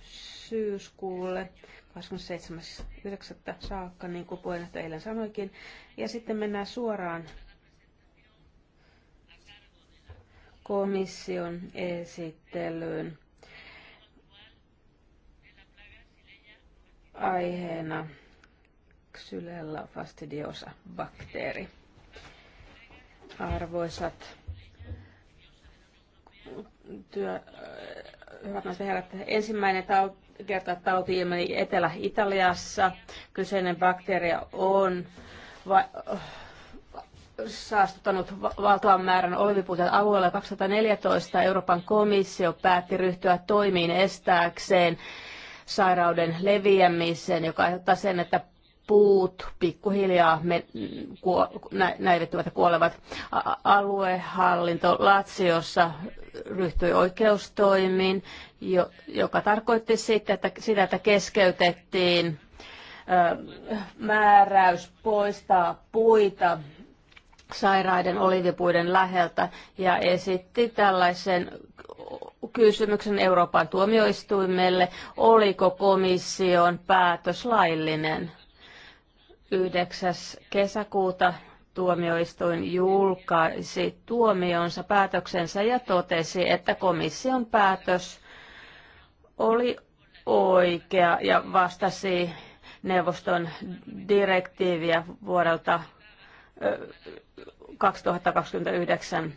syyskuulle 27.9. saakka, niin kuin puheenjohtaja eilen sanoikin. Ja sitten mennään suoraan komission esittelyyn aiheena Xylella fastidiosa bakteeri. Arvoisat työ, hyvät naiset herrat, ensimmäinen tauti, kerta tauti ilmeni Etelä-Italiassa. Kyseinen bakteeria on va- saastuttanut valtavan määrän olivipuutet alueella. 2014 Euroopan komissio päätti ryhtyä toimiin estääkseen sairauden leviämisen, joka aiheuttaa sen, että puut pikkuhiljaa me, kuo, nä, näivettyvät ja kuolevat. Aluehallinto Latsiossa ryhtyi oikeustoimiin, jo, joka tarkoitti sitä, että, sitä, että keskeytettiin ö, määräys poistaa puita sairaiden olivipuiden läheltä ja esitti tällaisen kysymyksen Euroopan tuomioistuimelle, oliko komission päätös laillinen. 9. kesäkuuta tuomioistuin julkaisi tuomionsa päätöksensä ja totesi, että komission päätös oli oikea ja vastasi neuvoston direktiiviä vuodelta 2029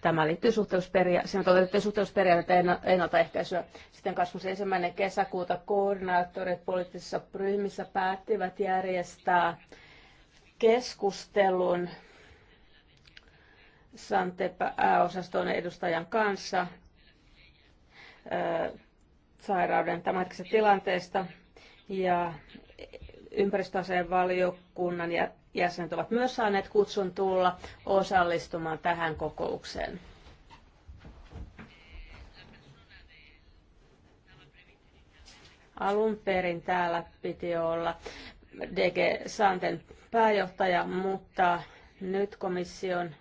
Tämä liittyy suhteellisuusperiaatteeseen, siinä ennaltaehkäisyä. Sitten ensimmäinen kesäkuuta koordinaattorit poliittisissa ryhmissä päättivät järjestää keskustelun Sante osaston edustajan kanssa sairauden tämänhetkisestä tilanteesta ja ympäristöaseen valiokunnan ja jäsenet ovat myös saaneet kutsun tulla osallistumaan tähän kokoukseen. Alun perin täällä piti olla DG Santen pääjohtaja, mutta nyt komission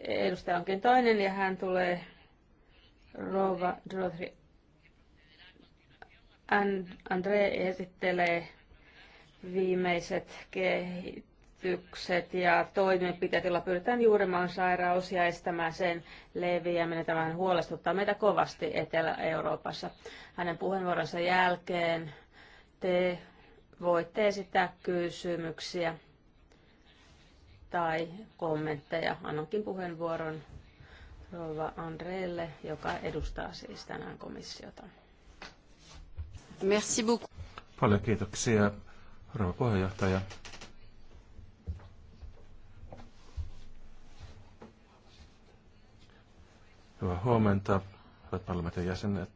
edustaja onkin toinen ja hän tulee Rova Drotri. André esittelee viimeiset kehitykset ja toimenpiteet, joilla pyritään juurimaan ja estämään sen leviäminen. Tämä huolestuttaa meitä kovasti Etelä-Euroopassa. Hänen puheenvuoronsa jälkeen te voitte esittää kysymyksiä tai kommentteja. Annankin puheenvuoron rouva Andreelle, joka edustaa siis tänään komissiota. Merci beaucoup. Paljon kiitoksia rouva puheenjohtaja. Hyvää huomenta, hyvät parlamentin jäsenet.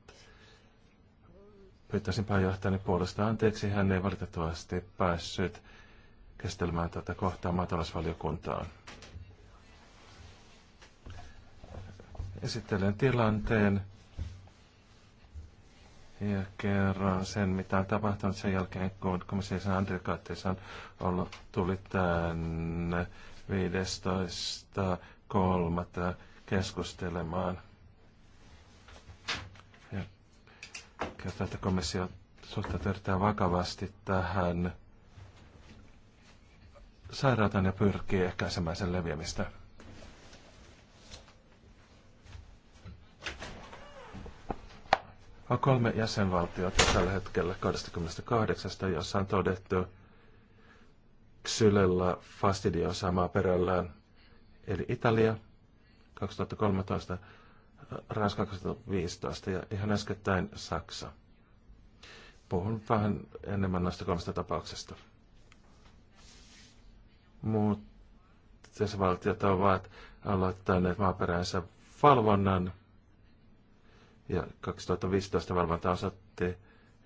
Pyytäisin pääjohtajani puolesta anteeksi. Hän ei valitettavasti päässyt kestelmään tätä kohtaa maatalousvaliokuntaan. Esittelen tilanteen ja kerran sen, mitä on tapahtunut sen jälkeen, kun komissiossa Andrikaatteessa on ollut, tuli tänne 15.3. keskustelemaan. Ja kertoo, että komissio suhtautuu vakavasti tähän sairauteen ja pyrkii ehkäisemään sen leviämistä. on kolme jäsenvaltiota tällä hetkellä 28, jossa on todettu Xylella fastidio samaa perällään, eli Italia 2013, Ranska 2015 ja ihan äskettäin Saksa. Puhun vähän enemmän noista kolmesta tapauksesta. Muut jäsenvaltiot ovat aloittaneet maaperänsä valvonnan – ja 2015 valvonta osoitti,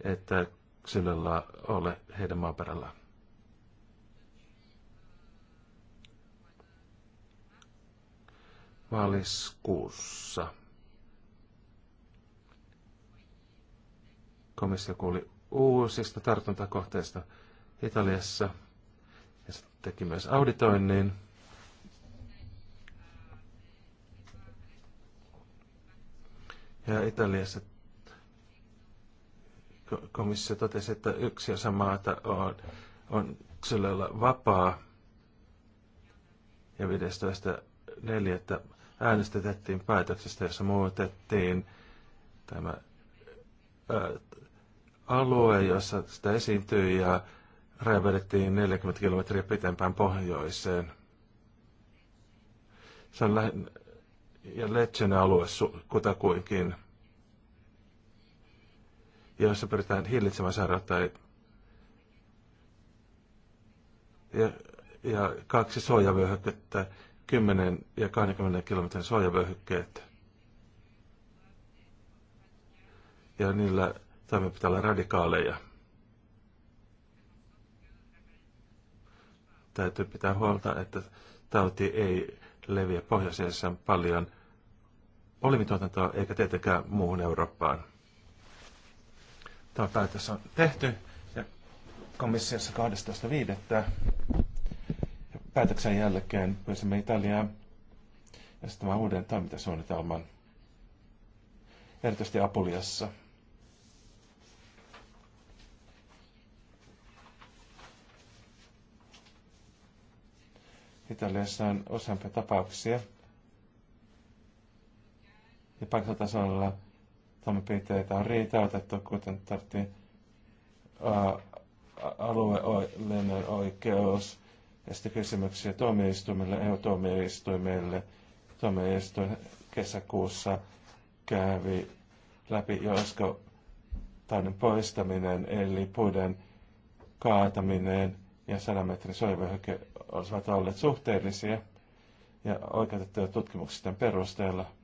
että yksilöllä ole heidän maaperällään. Maaliskuussa komissio kuuli uusista tartuntakohteista Italiassa ja se teki myös auditoinnin. Ja Italiassa komissio totesi, että yksi osa maata on, on yksilöllä vapaa. Ja 15.4. äänestettiin päätöksestä, jossa muutettiin tämä ää, alue, jossa sitä esiintyy ja rajavedettiin 40 kilometriä pitempään pohjoiseen. Se on lähinnä ja Letsen alue kutakuinkin, jossa pyritään hillitsemään sairautta. Ja, ja kaksi suojavyöhykettä, 10 ja 20 kilometrin suojavyöhykkeet. Ja niillä toimen pitää olla radikaaleja. Täytyy pitää huolta, että tauti ei leviä pohjoisessa paljon – olivintuotantoa eikä tietenkään muuhun Eurooppaan. Tämä päätös on tehty ja komissiossa 12.5. Päätöksen jälkeen pyysimme Italiaan esittämään uuden toimintasuunnitelman, erityisesti Apuliassa. Italiassa on useampia tapauksia, ja paikallistasolla toimenpiteitä on riitautettu, kuten tarvittiin alueellinen oikeus ja sitten kysymyksiä tuomioistuimille, EU-tuomioistuimille. Tuomioistuin kesäkuussa kävi läpi josko tainen poistaminen, eli puiden kaataminen ja 100 metrin suojavyöhyke olisivat olleet suhteellisia ja oikeutettuja tutkimuksien perusteella –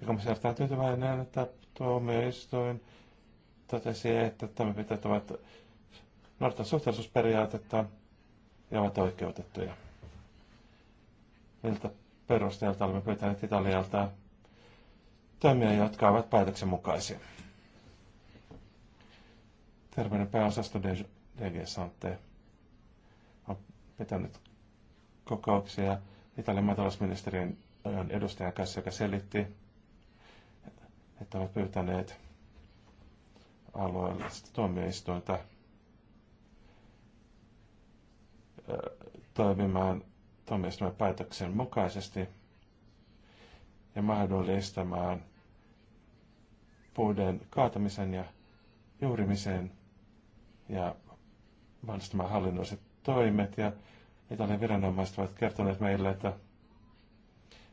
ja komissaari on tyytyväinen, että tuomioistuin totesi, että pitää ovat noudattaa suhteellisuusperiaatetta ja ovat oikeutettuja. Miltä perusteelta olemme pyytäneet Italialta toimia, jotka ovat päätöksen mukaisia? Terveyden pääosasto DG Sante on pitänyt kokouksia Italian maatalousministeriön edustajan kanssa, joka selitti, että ovat pyytäneet alueellista tuomioistuinta toimimaan tuomioistuimen päätöksen mukaisesti ja mahdollistamaan puuden kaatamisen ja juurimisen ja mahdollistamaan hallinnolliset toimet. Ja Italian viranomaiset ovat kertoneet meille, että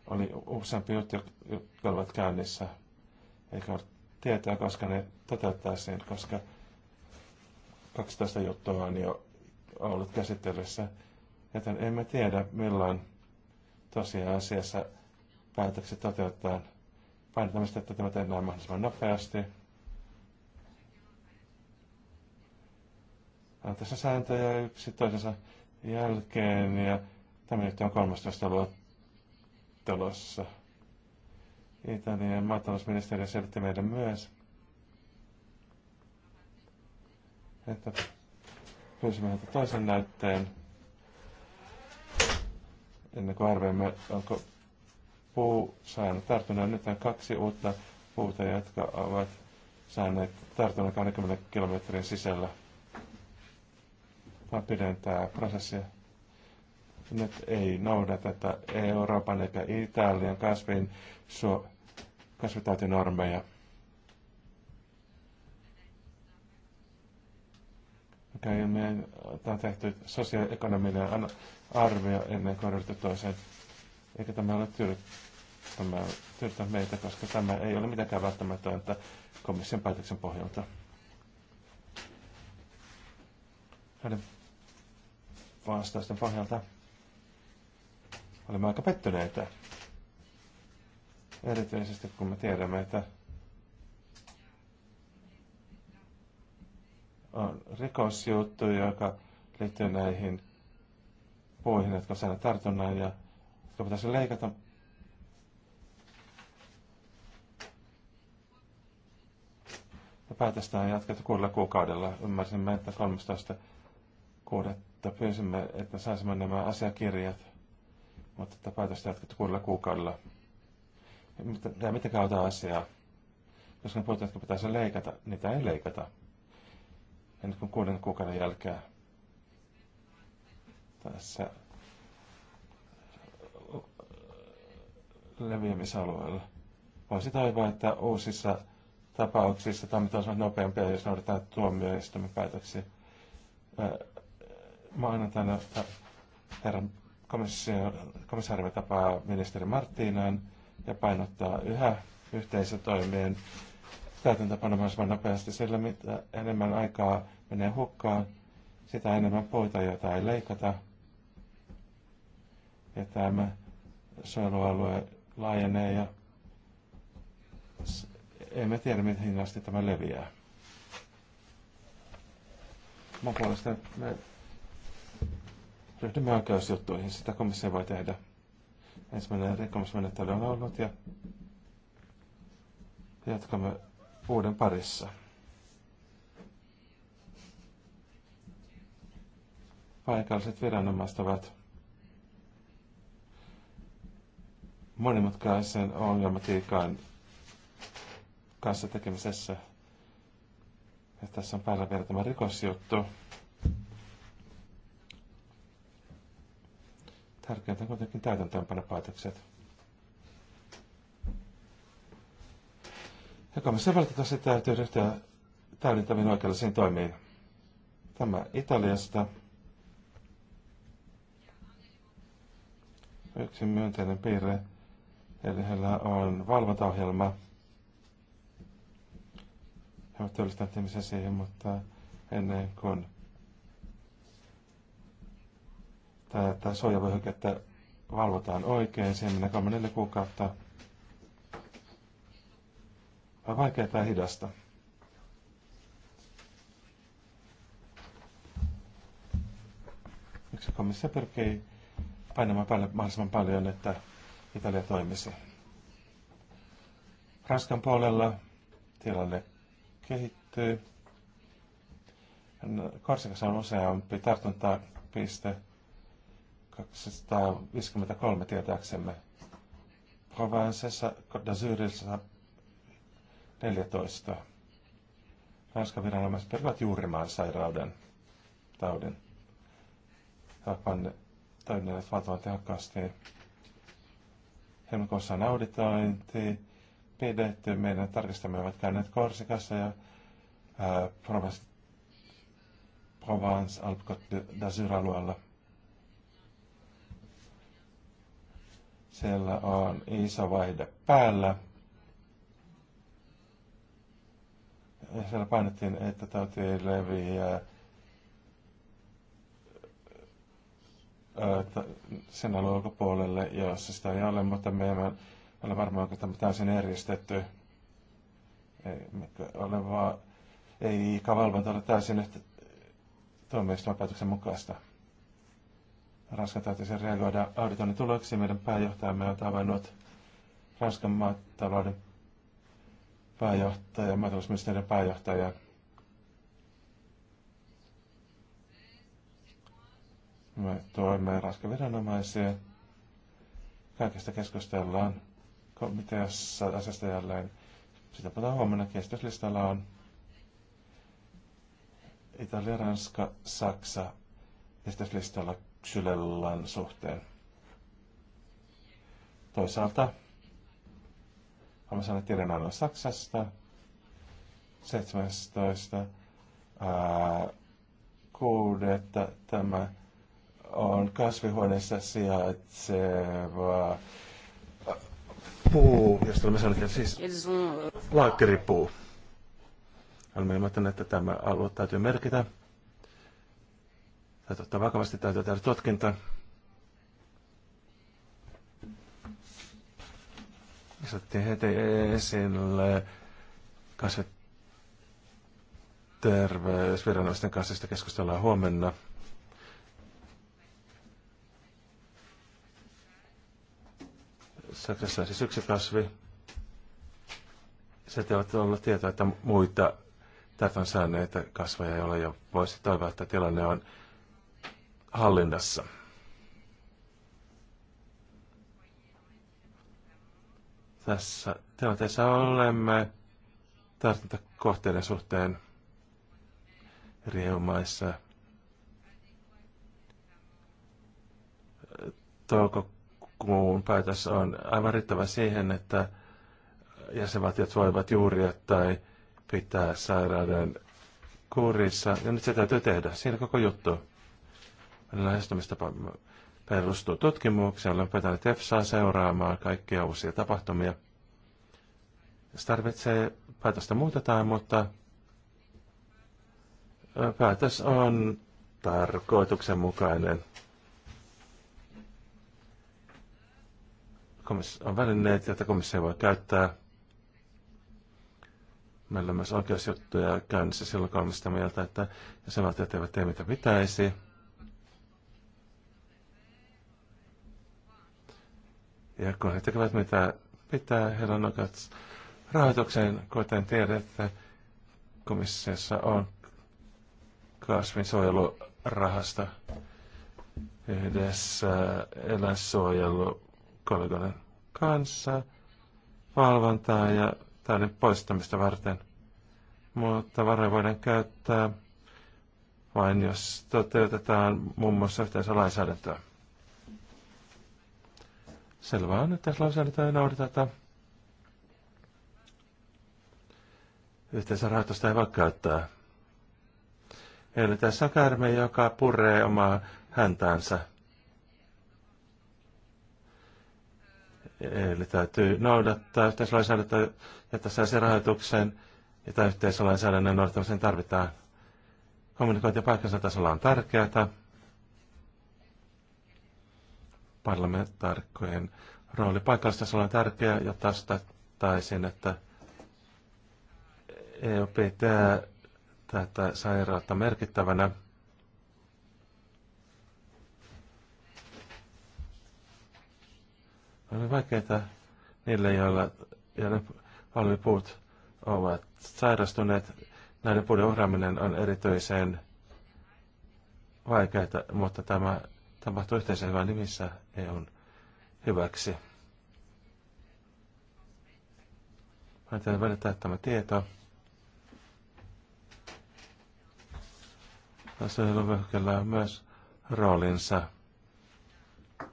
oli useampi juttu, jotka olivat käynnissä eikä ole tietää, koska ne toteuttaa sen, koska 12 juttua on jo ollut käsittelyssä, joten emme tiedä milloin asiassa päätökset toteuttaa Painotamista, että tämä tehdään mahdollisimman nopeasti. On tässä sääntöjä yksi toisensa jälkeen ja tämä nyt on 13 luettelossa. Italian maatalousministeri selitti meille myös, että pyysimme häntä toisen näytteen ennen kuin arvioimme, onko puu saanut tartunnan. Nyt on kaksi uutta puuta, jotka ovat saaneet tartunnan 20 kilometrin sisällä. Tämä pidentää prosessia. Nyt ei noudateta Euroopan eikä Italian kasvin suo kasvitautinormeja. Okei, okay, meidän on tehty sosioekonominen arvio ennen kuin ryhdytty toiseen. Eikä tämä ole tyydyttä meitä, koska tämä ei ole mitenkään välttämätöntä komission päätöksen pohjalta. Hänen vastausten pohjalta olemme aika pettyneitä. Erityisesti kun me tiedämme, että on rikosjuttu, joka liittyy näihin puihin, jotka on tartunnan ja jotka pitäisi leikata. Ja päätöstä on jatkettu kuudella kuukaudella. Ymmärsimme, että 13. kuudetta pyysimme, että saisimme nämä asiakirjat, mutta tätä päätöstä jatkettu kuudella kuukaudella. Tämä miten kautta asiaa. Koska ne puhutaan, että pitäisi leikata, niitä ei leikata. Ja nyt kun kuuden kuukauden jälkeen tässä leviämisalueella. Voisi toivoa, että uusissa tapauksissa tammit olisivat nopeampia, jos noudatetaan tuomioistuimen päätöksiä. Maanantaina herran komissaari tapaa ministeri Marttiinan ja painottaa yhä yhteisötoimien täytäntöpano mahdollisimman nopeasti, sillä mitä enemmän aikaa menee hukkaan, sitä enemmän puita, jota ei leikata. Ja tämä suojelualue laajenee ja emme tiedä, mihin asti tämä leviää. Mun puolesta me ryhdymme oikeusjuttuihin, sitä komissio voi tehdä ensimmäinen rikkomusmenettely on ollut ja jatkamme uuden parissa. Paikalliset viranomaiset ovat monimutkaisen ongelmatiikan kanssa tekemisessä. Ja tässä on päällä vielä tämä rikosjuttu. Tärkeintä on kuitenkin päätökset. Ja komissio välttämättä se täytyy ryhtyä täydentäviin oikeellisiin toimiin. Tämä Italiasta. Yksi myönteinen piirre, eli heillä on valvontaohjelma. He ovat työllistäneet ihmisiä siihen, mutta ennen kuin tätä suojavyöhykettä valvotaan oikein. Siihen menee kolme neljä kuukautta. On vaikeaa tai hidasta. Yksi komissio pyrkii painamaan päälle mahdollisimman paljon, että Italia toimisi. Ranskan puolella tilanne kehittyy. Korsikassa on useampi tartuntapiste 253 tietääksemme. Provencessa d'Azurissa 14. Ranskan viranomaiset perivät juurimaan sairauden taudin. He ovat toimineet valtavan tehokkaasti. Helmikuussa on auditointi pidetty. Meidän tarkistamme ovat käyneet Korsikassa ja Provence, Provence Alpcot d'Azur alueella. Siellä on iso vaihde päällä. Ja siellä painettiin, että tauti ei leviä sen alueen ulkopuolelle, jossa sitä ei ole, mutta me emme ole varmaan, onko tämä täysin eristetty. Ei, ole vaan, ei kavalvonta ole täysin yhtä päätöksen mukaista. Ranskan täytyisi reagoida auditoinnin tuloksi Meidän pääjohtajamme on tavannut Ranskan maatalouden pääjohtaja, maatalousministeriön pääjohtaja. Me toimme Ranskan viranomaisia. Kaikesta keskustellaan komiteassa asiasta jälleen. Sitä puhutaan huomenna. Kestyslistalla on Italia, Ranska, Saksa kestyslistalla Xylelan suhteen. Toisaalta olemme saaneet tiedonannon Saksasta 17. Ää, kuudetta tämä on kasvihuoneessa sijaitseva puu, josta olemme sanoneet, siis laakkeripuu. Olemme ilmoittaneet, että tämä alue täytyy merkitä. Täytyy ottaa vakavasti, täytyy tehdä tutkinta. Saatiin heti esille terveysviranomaisten kanssa, sitä keskustellaan huomenna. Saksassa on siis yksi kasvi. Se ei ole ollut tietoa, että muita on, saaneita kasveja ei ole, ja voisi toivoa, että tilanne on hallinnassa. Tässä tilanteessa olemme tartuntakohteiden suhteen EU-maissa. Toukokuun päätös on aivan riittävä siihen, että jäsenvaltiot voivat juuria tai pitää sairauden kurissa. Ja nyt se täytyy tehdä. Siinä koko juttu lähestymistapa perustuu tutkimukseen. Olen vetänyt EFSAa seuraamaan kaikkia uusia tapahtumia. Se tarvitsee, päätöstä muutetaan, mutta päätös on tarkoituksenmukainen. Komissio on välineet, joita komissio voi käyttää. Meillä on myös oikeusjuttuja käynnissä silloin, kun sitä mieltä, että jäsenvaltiot eivät tee mitä pitäisi. Ja kun he tekevät mitä pitää, heillä on oikeat rahoitukseen, kuten tiedätte, komissiossa on kasvinsuojelurahasta yhdessä eläinsuojelukollegoiden kanssa valvontaa ja taudin poistamista varten. Mutta varoja voidaan käyttää vain jos toteutetaan muun muassa yhteensä lainsäädäntöä. Selvä on, että noudata, että Yhteensä rahoitusta ei voi käyttää. Eli tässä on käärme, joka puree omaa häntäänsä. Eli täytyy noudattaa yhteislainsäädäntöä ja tässä se rahoituksen ja tämä yhteislainsäädännön noudattamisen tarvitaan. Kommunikointi paikkansa tasolla on tärkeää parlamentaarikkojen rooli paikallistasolla on tärkeä ja tästä taisin, että EU pitää tätä sairautta merkittävänä. On vaikeita niille, joilla, joiden palmipuut ovat sairastuneet. Näiden puiden uhraaminen on erityisen vaikeaa, mutta tämä tapahtuu yhteisen hyvän nimissä on hyväksi. Annetaan välittää tämä tieto. tässä on myös roolinsa. Tämä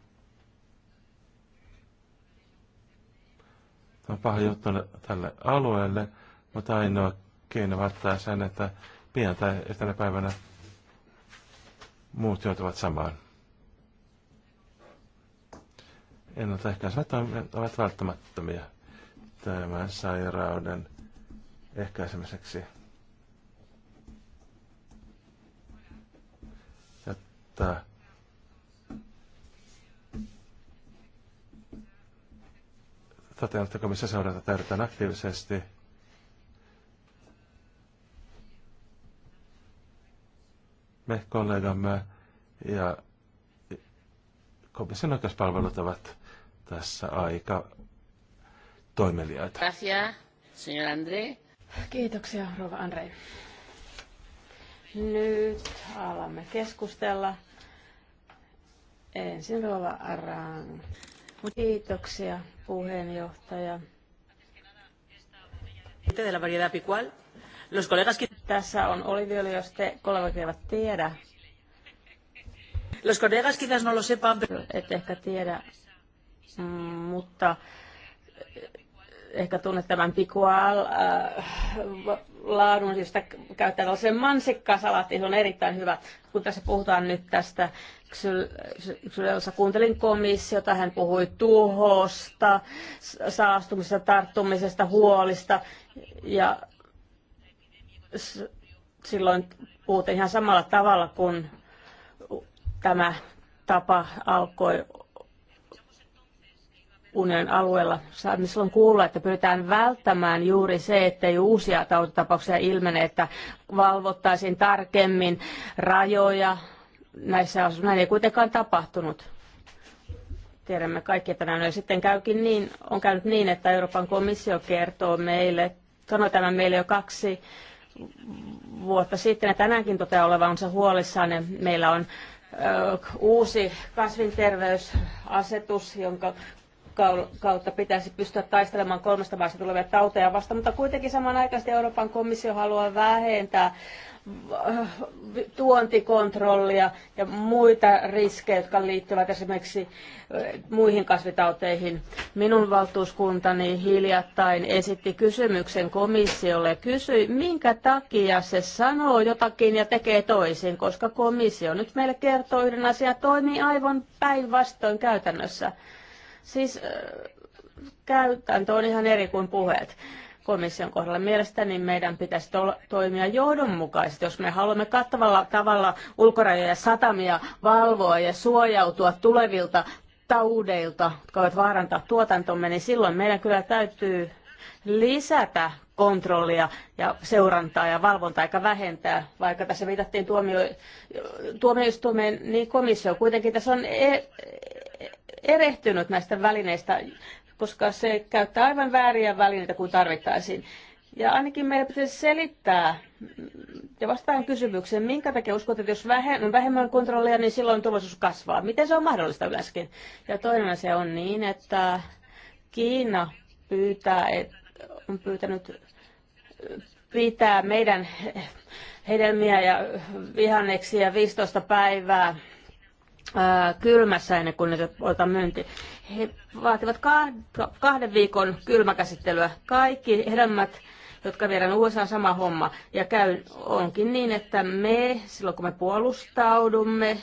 on paha juttu tälle alueelle, mutta ainoa keino välttää sen, että pian tai yhtenä päivänä muut joutuvat samaan. En ennaltaehkäisevät toimet ovat välttämättömiä tämän sairauden ehkäisemiseksi. Että toteuttaako missä seurata täydetään aktiivisesti. Me kollegamme ja komission oikeuspalvelut ovat tässä aika toimeliaita. Gracias, señor André. Kiitoksia, rouva Andrei. Nyt alamme keskustella. Ensin rouva Arang. Kiitoksia, puheenjohtaja. De la variedad picual. Los colegas... Tässä on oliviöljy, jos te kollegat eivät tiedä. Los colegas quizás no lo sepan, pero... Et ehkä tiedä, Mm, mutta ehkä tunnet tämän pikual äh, laadun, josta käyttää tällaisen mansikkasalaatin, se on erittäin hyvä. Kun tässä puhutaan nyt tästä Ksylelsa kuuntelin komissiota, hän puhui tuhosta, saastumisesta, tarttumisesta, huolista ja silloin puhuttiin ihan samalla tavalla kuin tämä tapa alkoi unionin alueella. Saimme silloin kuulla, että pyritään välttämään juuri se, ettei uusia tautitapauksia ilmene, että valvottaisiin tarkemmin rajoja. Näissä asioissa näin ei kuitenkaan tapahtunut. Tiedämme kaikki, että näin on. sitten käykin niin, on käynyt niin, että Euroopan komissio kertoo meille, sanoi tämän meille jo kaksi vuotta sitten, ja tänäänkin toteaa olevansa huolissaan, ja meillä on uusi kasvinterveysasetus, jonka kautta pitäisi pystyä taistelemaan kolmesta maasta tulevia tauteja vastaan, mutta kuitenkin samanaikaisesti Euroopan komissio haluaa vähentää äh, tuontikontrollia ja muita riskejä, jotka liittyvät esimerkiksi äh, muihin kasvitauteihin. Minun valtuuskuntani hiljattain esitti kysymyksen komissiolle ja kysyi, minkä takia se sanoo jotakin ja tekee toisin, koska komissio nyt meille kertoo yhden asian toimii aivan päinvastoin käytännössä. Siis käytäntö on ihan eri kuin puheet komission kohdalla. Mielestäni meidän pitäisi toimia johdonmukaisesti, jos me haluamme kattavalla tavalla ulkorajoja ja satamia valvoa ja suojautua tulevilta taudeilta, jotka voivat vaarantaa tuotantomme, niin silloin meidän kyllä täytyy lisätä kontrollia ja seurantaa ja valvontaa eikä vähentää. Vaikka tässä viitattiin tuomio, tuomioistuimeen, niin komissio kuitenkin tässä on e-, erehtynyt näistä välineistä, koska se käyttää aivan vääriä välineitä kuin tarvittaisiin. Ja ainakin meidän pitäisi selittää mm, ja vastaan kysymykseen, minkä takia uskot, että jos on vähemmän kontrollia, niin silloin turvallisuus kasvaa. Miten se on mahdollista yleensäkin? Ja toinen asia on niin, että Kiina pyytää, et, on pyytänyt pitää meidän hedelmiä ja vihanneksia 15 päivää kylmässä ennen kuin niitä otetaan myynti. He vaativat kahden viikon kylmäkäsittelyä. Kaikki hedelmät, jotka viedään USA sama homma. Ja käy, onkin niin, että me, silloin kun me puolustaudumme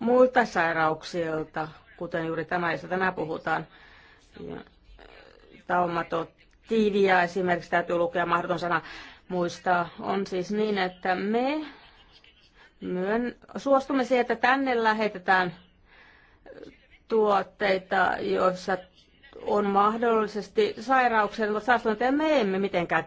muilta sairauksilta, kuten juuri tämä, josta tänään puhutaan, ja taumatot, tiiviä esimerkiksi täytyy lukea mahdoton sana muistaa, on siis niin, että me myön, suostumme siihen, että tänne lähetetään tuotteita, joissa on mahdollisesti sairauksen saastuneita, ja me emme mitenkään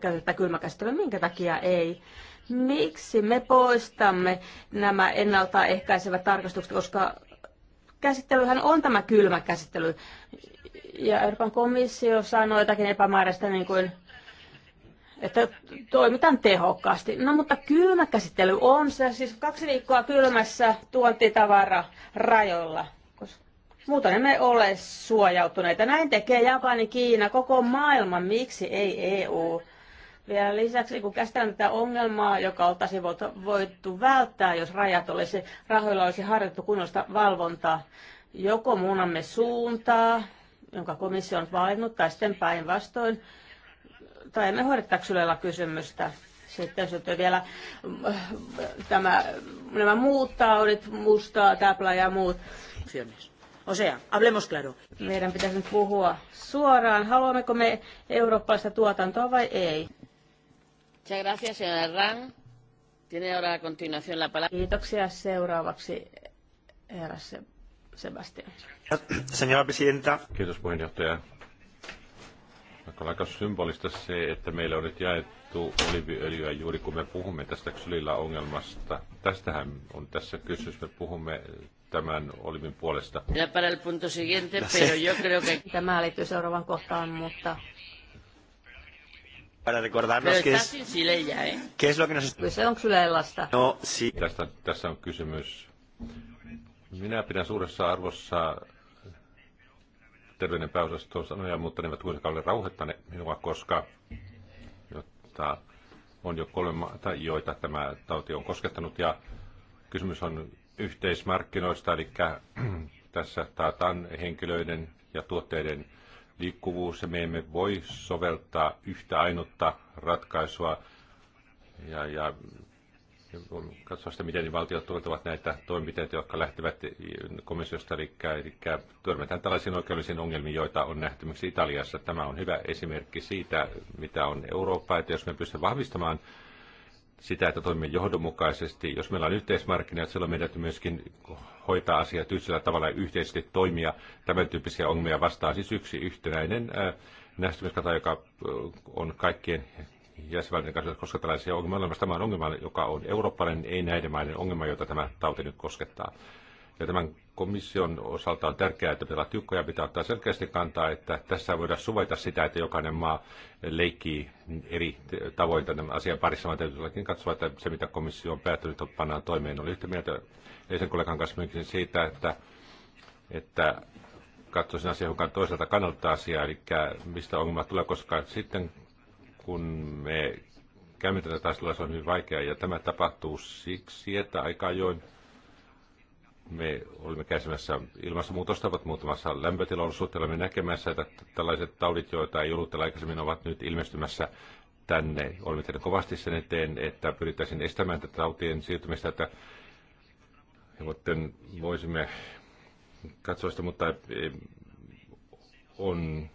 käytetä kylmäkäsittelyä. Minkä takia ei? Miksi me poistamme nämä ennaltaehkäisevät tarkastukset, koska käsittelyhän on tämä kylmäkäsittely. Ja Euroopan komissio sanoi jotakin epämääräistä, niin kuin että toimitaan tehokkaasti. No mutta kylmäkäsittely on se, siis kaksi viikkoa kylmässä tuontitavara rajoilla. Muuten emme ole suojautuneita. Näin tekee Japani, Kiina, koko maailma. Miksi ei EU? Vielä lisäksi, kun käsitellään tätä ongelmaa, joka oltaisiin voitu välttää, jos rajat olisi, rahoilla olisi harjoittu kunnosta valvontaa. Joko muunamme suuntaa, jonka komissio on valinnut, tai sitten päinvastoin tai emme hoida taksylella kysymystä. Sitten sitten vielä äh, tämä, nämä muut taudit, musta täplä ja muut. O sea, hablemos claro. Meidän pitäisi nyt puhua suoraan. Haluammeko me eurooppalaista tuotantoa vai ei? Muchas gracias, señora Herrán. Tiene ahora a continuación la palabra. Kiitoksia. Seuraavaksi herra Sebastian. Señora presidenta. Kiitos puheenjohtaja on aika symbolista se, että meillä on nyt jaettu oliviöljyä juuri kun me puhumme tästä ksylillä ongelmasta Tästähän on tässä kysymys. Me puhumme tämän Olivin puolesta. Tämä liittyy seuraavaan kohtaan, mutta para recordarnos que es, ¿eh? qué es lo que nos... Se on Xylellasta. No, si... Tästä, tässä on kysymys. Minä pidän suuressa arvossa terveyden pääosastoon sanoja, mutta ne eivät kuitenkaan ole rauhoittaneet minua, koska jotta on jo kolme maata, joita tämä tauti on koskettanut. Ja kysymys on yhteismarkkinoista, eli tässä taataan henkilöiden ja tuotteiden liikkuvuus, ja me emme voi soveltaa yhtä ainutta ratkaisua. Ja, ja katsoo sitä, miten valtiot tuottavat näitä toimenpiteitä, jotka lähtevät komissiosta, eli, eli törmätään tällaisiin oikeudellisiin ongelmiin, joita on nähty myös Italiassa. Tämä on hyvä esimerkki siitä, mitä on Eurooppa, että jos me pystymme vahvistamaan sitä, että toimimme johdonmukaisesti. Jos meillä on yhteismarkkinat, silloin meidän täytyy myöskin hoitaa asiat yhdellä tavalla yhteisesti toimia. Tämän tyyppisiä ongelmia vastaa siis yksi yhtenäinen äh, nähtymiskata, joka äh, on kaikkien jäsenvaltioiden kanssa, koska tällaisia ongelmia on olemassa. Tämä on ongelma, joka on eurooppalainen, ei näiden maiden ongelma, jota tämä tauti nyt koskettaa. Ja tämän komission osalta on tärkeää, että pitää tiukkoja, pitää ottaa selkeästi kantaa, että tässä voidaan suvaita sitä, että jokainen maa leikkii eri tavoin tämän asian parissa, Mä täytyy katsoa, että se mitä komissio on päättänyt on pannaan toimeen. Oli yhtä mieltä sen kollegan kanssa myöskin siitä, että, että katsoisin asiaa on toiselta kannalta asiaa, eli mistä ongelma tulee, koska sitten kun me käymme tätä taistelua, se on hyvin vaikeaa. Ja tämä tapahtuu siksi, että aika ajoin me olimme kärsimässä ilmastonmuutosta, ovat muutamassa lämpötilaolosuhteella me näkemässä, että tällaiset taudit, joita ei ollut aikaisemmin, ovat nyt ilmestymässä tänne. Olemme tehneet kovasti sen eteen, että pyrittäisiin estämään tätä tautien siirtymistä, että voisimme katsoa sitä, mutta eh, on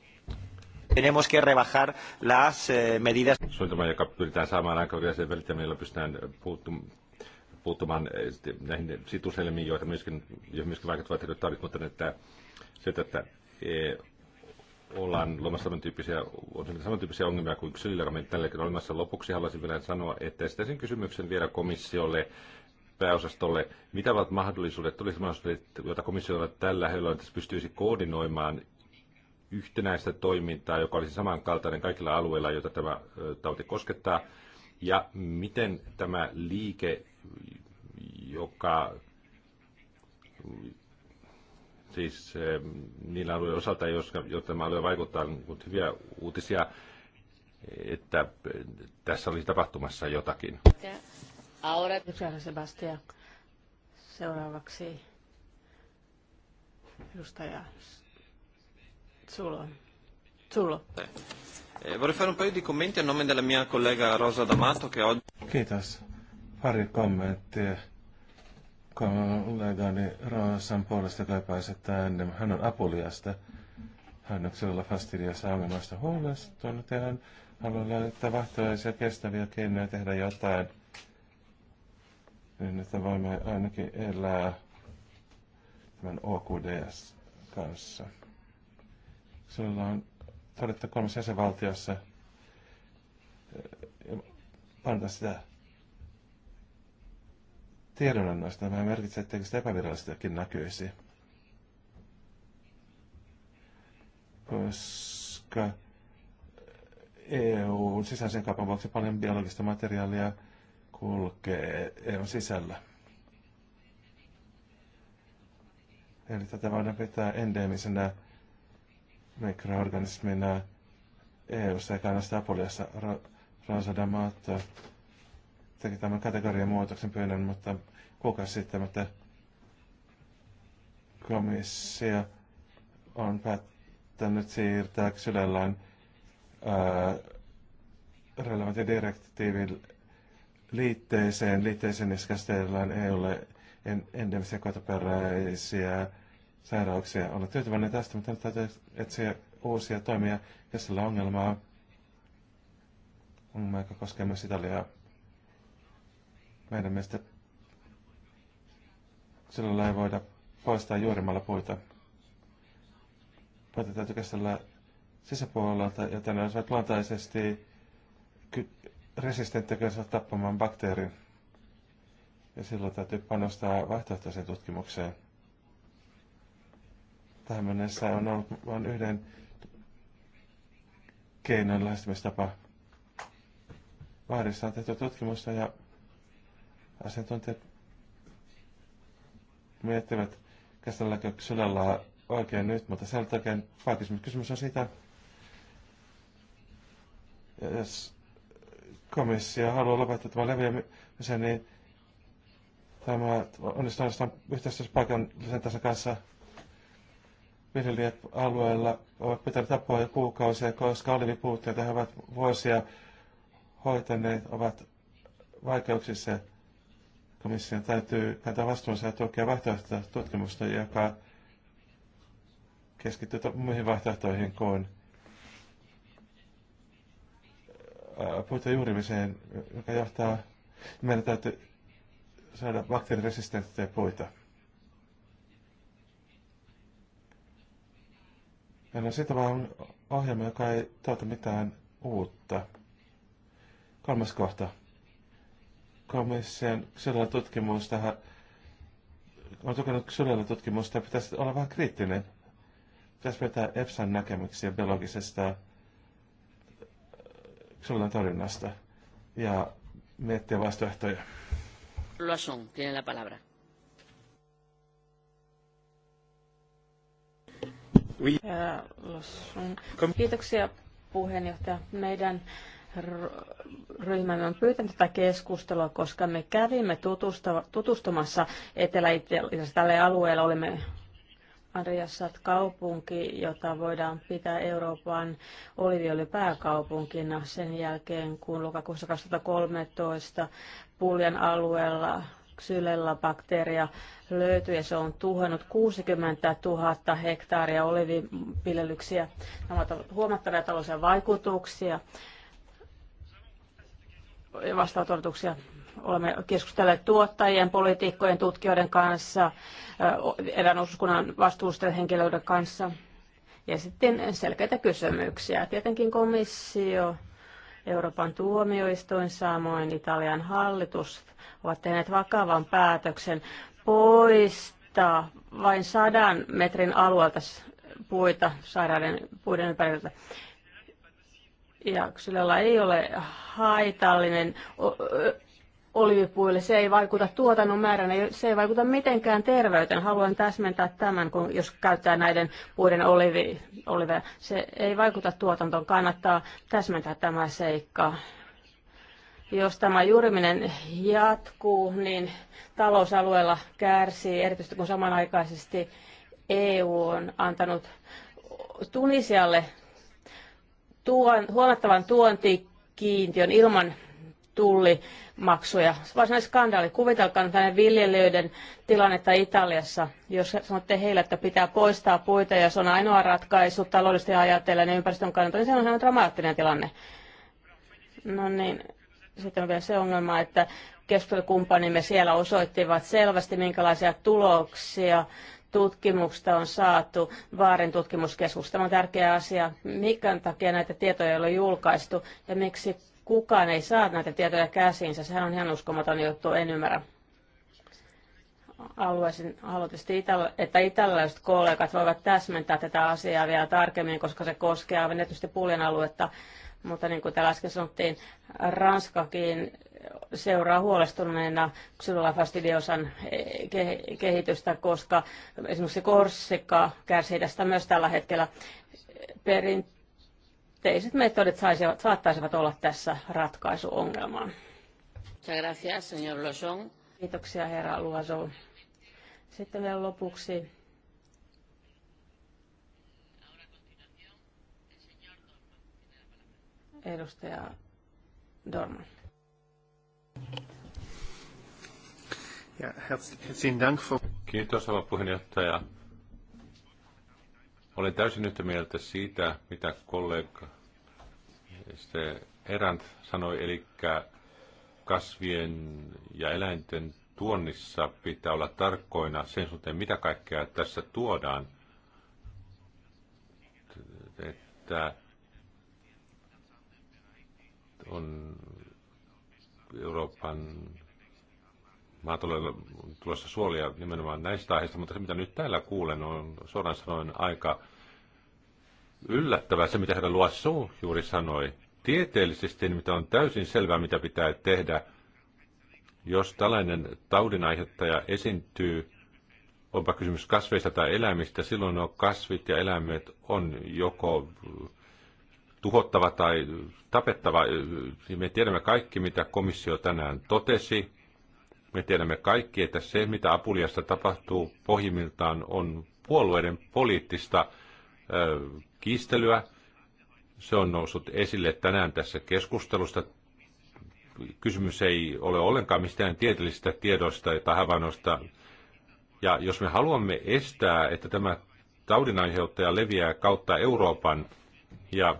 Tenemos que rebajar las eh, medidas. Suunnitelma, joka pyritään saamaan aikaviraseen välittämällä, pystytään puuttumaan eh, näihin situselmiin, joita myöskin, joita myöskin vaikuttavat eri taudit, mutta että se, että eh, ollaan luomassa samantyyppisiä, on samantyyppisiä ongelmia kuin yksilöillä, meillä hetkellä olemassa. Lopuksi haluaisin vielä sanoa, että esittäisin kysymyksen vielä komissiolle, pääosastolle, mitä ovat mahdollisuudet, tulisi mahdollisuudet, joita komissiolla tällä hetkellä pystyisi koordinoimaan yhtenäistä toimintaa, joka olisi samankaltainen kaikilla alueilla, joita tämä tauti koskettaa, ja miten tämä liike, joka siis niillä alueilla osalta, jos, tämä alue vaikuttaa, on hyviä uutisia, että tässä olisi tapahtumassa jotakin. Ahora... Sebastian. Seuraavaksi edustaja Zulo. Zulo. Eh, vorrei fare un paio di commenti a nome della mia collega Rosa D'Amato che oggi... Kiitos. Pari commenti kollegani Rosan puolesta kaipaisi, että hän on Apuliasta. Hän on sillä fastidiassa ongelmasta huolestunut ja hän haluaa löytää vaihtoehtoisia kestäviä keinoja tehdä jotain, niin että voimme ainakin elää tämän OQDS kanssa. Silloin todetta kolmessa jäsenvaltiossa panta sitä tiedonannosta. Tämä merkitsee, etteikö sitä epävirallistakin näkyisi. Koska EUn sisäisen kaupan vuoksi paljon biologista materiaalia kulkee EUn sisällä. Eli tätä voidaan pitää endemisenä mikroorganismina EU-ssa eikä ainoastaan Apuliassa. Ransadamaatta äh, teki tämän muutoksen pyynnön, mutta kuukausi sitten, että komissio on päättänyt siirtää Xylellään äh, relevantin direktiivin liitteeseen. Liitteeseen, jossa käsitellään EUlle endemisiä kotoperäisiä sairauksia. Olla tyytyväinen tästä, mutta täytyy etsiä uusia toimia, jos sillä on ongelmaa. Ongelma, joka koskee myös Italiaa. Meidän mielestä sillä ei voida poistaa juurimalla puita. Puita täytyy käsitellä sisäpuolelta, joten ne olisivat luontaisesti resistenttejä tappamaan bakteerin. Ja silloin täytyy panostaa vaihtoehtoiseen tutkimukseen. Tähän mennessä on ollut vain yhden keinon lähestymistapa. Vaarissa on tehty tutkimusta ja asiantuntijat miettivät, käsitelläkö sydällä oikein nyt, mutta se on oikein pääkysymys. Kysymys on siitä, jos komissio haluaa lopettaa tämän leviämisen, niin tämä onnistuu yhteistyössä paikallisen tässä kanssa – viljelijät alueella ovat pitäneet apua jo kuukausia, koska olivipuutteita he ovat vuosia hoitaneet, ovat vaikeuksissa. Komission täytyy kantaa vastuunsa ja tukea vaihtoehtoista tutkimusta, joka keskittyy muihin vaihtoehtoihin kuin puutteen juurimiseen, joka johtaa, meidän täytyy saada bakteeriresistenttejä puita. Meillä on sitä vaan ohjelma, joka ei tuota mitään uutta. Kolmas kohta. Komission sellainen tutkimus tähän on tukenut sulella tutkimusta ja pitäisi olla vähän kriittinen. Pitäisi vetää EPSAn näkemyksiä biologisesta äh, sulella torjunnasta ja miettiä vaihtoehtoja. Loason, tiene la palabra. Oui. Kiitoksia puheenjohtaja. Meidän ryhmämme on pyytänyt tätä keskustelua, koska me kävimme tutustumassa etelä tälle alueelle. Olimme Andreasat kaupunki, jota voidaan pitää Euroopan oliviöljy pääkaupunkina sen jälkeen, kun lokakuussa 2013 Puljan alueella Xylella bakteeria löytyi ja se on tuhannut 60 000 hektaaria olivipilelyksiä. Nämä ovat huomattavia taloudellisia vaikutuksia ja vastaanototuksia. Olemme keskustelleet tuottajien, poliitikkojen, tutkijoiden kanssa, erään osuuskunnan vastuullisten henkilöiden kanssa ja sitten selkeitä kysymyksiä. Tietenkin komissio Euroopan tuomioistuin, samoin Italian hallitus ovat tehneet vakavan päätöksen poistaa vain sadan metrin alueelta puita sairaiden puiden ympäriltä. Ja ei ole haitallinen Olivipuille Se ei vaikuta tuotannon määrään, se ei vaikuta mitenkään terveyteen. Haluan täsmentää tämän, kun jos käyttää näiden puiden oliveja. Se ei vaikuta tuotantoon. Kannattaa täsmentää tämä seikka. Jos tämä juuriminen jatkuu, niin talousalueella kärsii, erityisesti kun samanaikaisesti EU on antanut Tunisialle tuon, huomattavan tuontikiintiön ilman tullimaksuja. Varsinainen skandaali. Kuvitelkaa tänne viljelijöiden tilannetta Italiassa. Jos sanotte heille, että pitää poistaa puita ja se on ainoa ratkaisu taloudellisesti ajatellen ja ympäristön kannalta, niin se on ihan dramaattinen tilanne. No niin, sitten on vielä se ongelma, että keskustelukumppanimme siellä osoittivat selvästi, minkälaisia tuloksia tutkimuksesta on saatu Vaarin tutkimuskeskus. Tämä on tärkeä asia. Mikä takia näitä tietoja ei ole julkaistu ja miksi kukaan ei saa näitä tietoja käsiinsä. Sehän on ihan uskomaton juttu, en ymmärrä. Haluaisin, haluaisin että italialaiset kollegat voivat täsmentää tätä asiaa vielä tarkemmin, koska se koskee aivan tietysti puljen aluetta. Mutta niin kuin täällä äsken sanottiin, Ranskakin seuraa huolestuneena ksylolafastidiosan kehitystä, koska esimerkiksi Korsika kärsii tästä myös tällä hetkellä. Perin, yhteiset metodit saisivat, saattaisivat olla tässä ratkaisu ongelmaan. Kiitoksia, herra Luazo. Sitten vielä lopuksi edustaja Dorman. Kiitos, rouva puheenjohtaja. Olen täysin yhtä mieltä siitä, mitä kollega Erant sanoi, eli kasvien ja eläinten tuonnissa pitää olla tarkkoina sen suhteen, mitä kaikkea tässä tuodaan. Että on Euroopan Mä maataloudella tulossa suolia nimenomaan näistä aiheista, mutta se mitä nyt täällä kuulen on suoraan sanoen aika yllättävää se, mitä herra Luassu juuri sanoi. Tieteellisesti mitä niin on täysin selvää, mitä pitää tehdä, jos tällainen taudin aiheuttaja esiintyy, onpa kysymys kasveista tai eläimistä, silloin nuo kasvit ja eläimet on joko tuhottava tai tapettava. Me tiedämme kaikki, mitä komissio tänään totesi me tiedämme kaikki, että se, mitä Apuliassa tapahtuu pohjimmiltaan, on puolueiden poliittista ö, kiistelyä. Se on noussut esille tänään tässä keskustelusta. Kysymys ei ole ollenkaan mistään tieteellisistä tiedoista tai havainnoista. Ja jos me haluamme estää, että tämä taudinaiheuttaja leviää kautta Euroopan ja,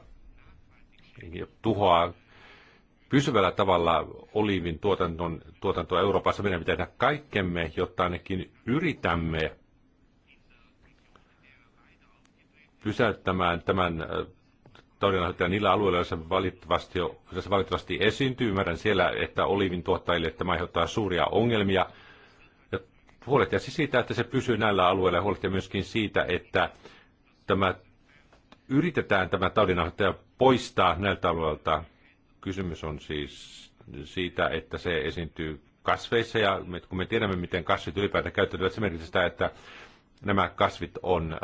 ja tuhoaa pysyvällä tavalla oliivin tuotanton, tuotantoa Euroopassa. Meidän pitää tehdä kaikkemme, jotta ainakin yritämme pysäyttämään tämän äh, taudinaiheuttajia niillä alueilla, joissa valitettavasti, valitettavasti esiintyy. Ymmärrän siellä, että oliivin tuottajille tämä aiheuttaa suuria ongelmia. Ja huolehtia siis siitä, että se pysyy näillä alueilla ja huolehtia myöskin siitä, että tämä, yritetään tämä taudinaiheuttajia poistaa näiltä alueilta. Kysymys on siis siitä, että se esiintyy kasveissa ja kun me tiedämme, miten kasvit ylipäätään käyttäytyvät, se merkitsee sitä, että nämä kasvit on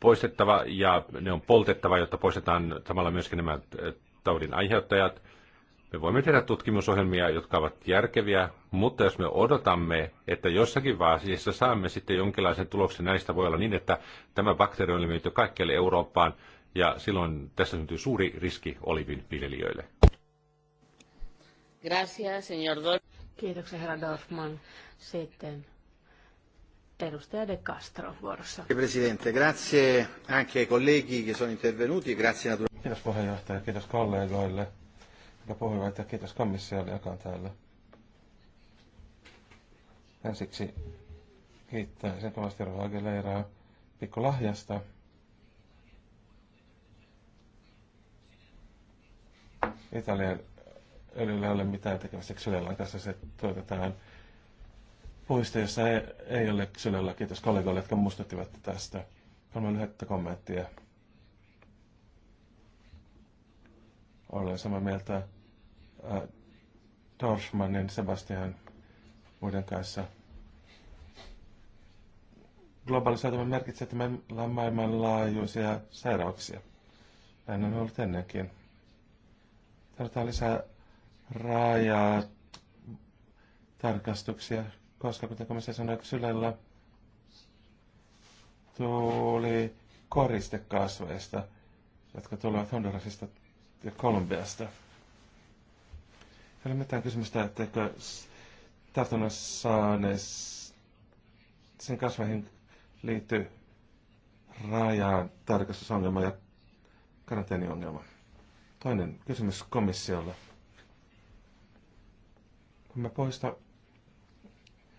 poistettava ja ne on poltettava, jotta poistetaan samalla myöskin nämä taudin aiheuttajat. Me voimme tehdä tutkimusohjelmia, jotka ovat järkeviä, mutta jos me odotamme, että jossakin vaiheessa saamme sitten jonkinlaisen tuloksen näistä, voi olla niin, että tämä bakteeri on levinnyt jo kaikkialle Eurooppaan, ja silloin tässä syntyy suuri riski olivin viljelijöille. Gracias, señor Kiitoksia, herra Dorfman. Sitten edustaja De Castro vuorossa. Presidente, grazie anche ai colleghi che sono intervenuti, grazie naturalmente. Kiitos puheenjohtaja, kiitos kollegoille, Ja puheenjohtaja, kiitos komissiolle, joka on täällä. Ensiksi kiittää sen kovasti Rova Aguileraa pikkulahjasta. lahjasta Italian öljyllä ei ole mitään tekemistä Xylellan kanssa. Se tuotetaan puista, jossa ei, ei ole Xylellä. Kiitos kollegoille, jotka muistuttivat tästä. Kolme lyhyttä kommenttia. Olen samaa mieltä äh, Dorfmanin Sebastian muiden kanssa. Globalisoituminen merkitsee, että meillä on maailmanlaajuisia sairauksia. Näin on ollut ennenkin tarvitaan lisää rajaa tarkastuksia, koska kuten komissio sanoi, Sylellä tuli koristekasveista, jotka tulevat Hondurasista ja Kolumbiasta. Ei ole mitään kysymystä, etteikö tartunnan saaneessa sen kasveihin liittyy rajaan tarkastusongelma ja karanteeniongelma. Toinen kysymys komissiolle. Kun me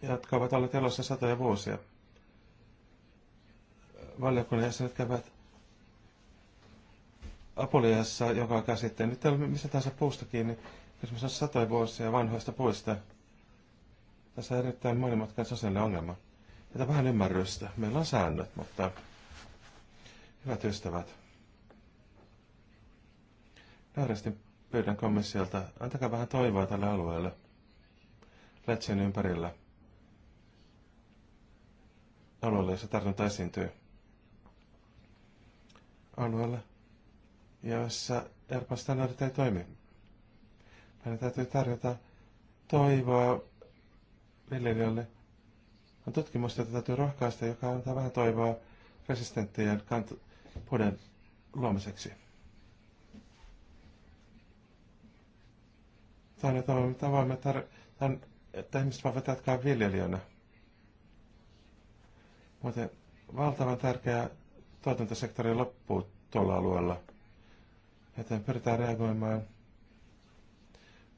jotka ovat alle elossa satoja vuosia, valiokunnan jäsenet käyvät Apoliassa, joka on käsitteen. Nyt ei ole mistä tahansa puusta kiinni. Kysymys on satoja vuosia vanhoista puista. Tässä on erittäin monimutkainen sosiaalinen ongelma. Tätä vähän ymmärrystä. Meillä on säännöt, mutta hyvät ystävät, Nöyrästi pyydän komissiolta, antakaa vähän toivoa tälle alueelle, Lätsien ympärillä, alueelle, jossa tartunta esiintyy. Alueelle, jossa Euroopan standardit ei toimi. Meidän täytyy tarjota toivoa viljelijöille. On tutkimusta, että täytyy rohkaista, joka antaa vähän toivoa resistenttien kant- luomiseksi. tämä Toinen toivon, mitä voimme tar- että ihmiset voivat jatkaa viljelijöinä. Muuten valtavan tärkeä tuotantosektori loppuu tuolla alueella. Joten pyritään reagoimaan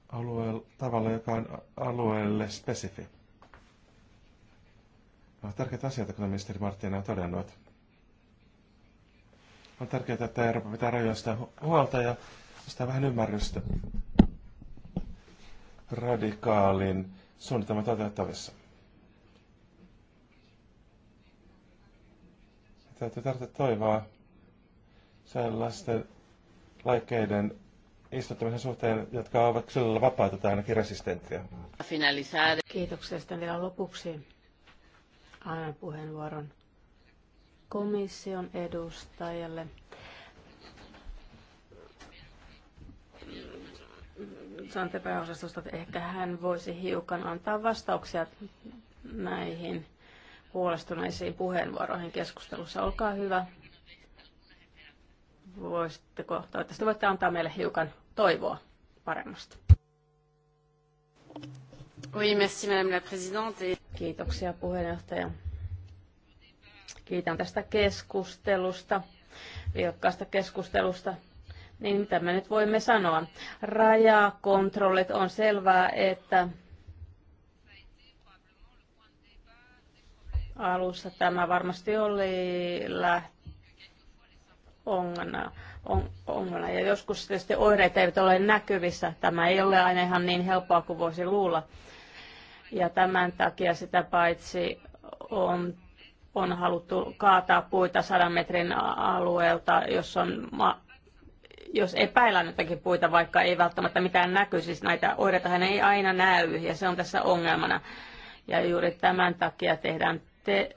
alueella, tavalla, joka on alueelle spesifi. Nämä ovat tärkeitä asioita, kuten ministeri Marttina on todennut. On tärkeää, että Eurooppa pitää rajoista huolta ja sitä vähän ymmärrystä radikaalin suunnitelma toteuttavissa. Täytyy tarvita toivoa sellaisten laikkeiden istuttamisen suhteen, jotka ovat sillä vapaita tai ainakin resistenttiä. Kiitoksia. Sitten vielä lopuksi annan puheenvuoron komission edustajalle. Sante pääosastosta, että ehkä hän voisi hiukan antaa vastauksia näihin huolestuneisiin puheenvuoroihin keskustelussa. Olkaa hyvä. Voisitteko, toivottavasti voitte antaa meille hiukan toivoa paremmasta. Oui, merci, madame la présidente. Kiitoksia puheenjohtaja. Kiitän tästä keskustelusta, vilkkaasta keskustelusta niin mitä me nyt voimme sanoa? Rajakontrollit on selvää, että alussa tämä varmasti oli ongelma. On, ongelma. Ja joskus tietysti oireet eivät ole näkyvissä. Tämä ei ole aina ihan niin helppoa kuin voisi luulla. Ja tämän takia sitä paitsi on, on haluttu kaataa puita sadan metrin alueelta, jos on ma- jos epäillään jotakin puita, vaikka ei välttämättä mitään näky, siis näitä hän ei aina näy, ja se on tässä ongelmana. Ja juuri tämän takia tehdään te-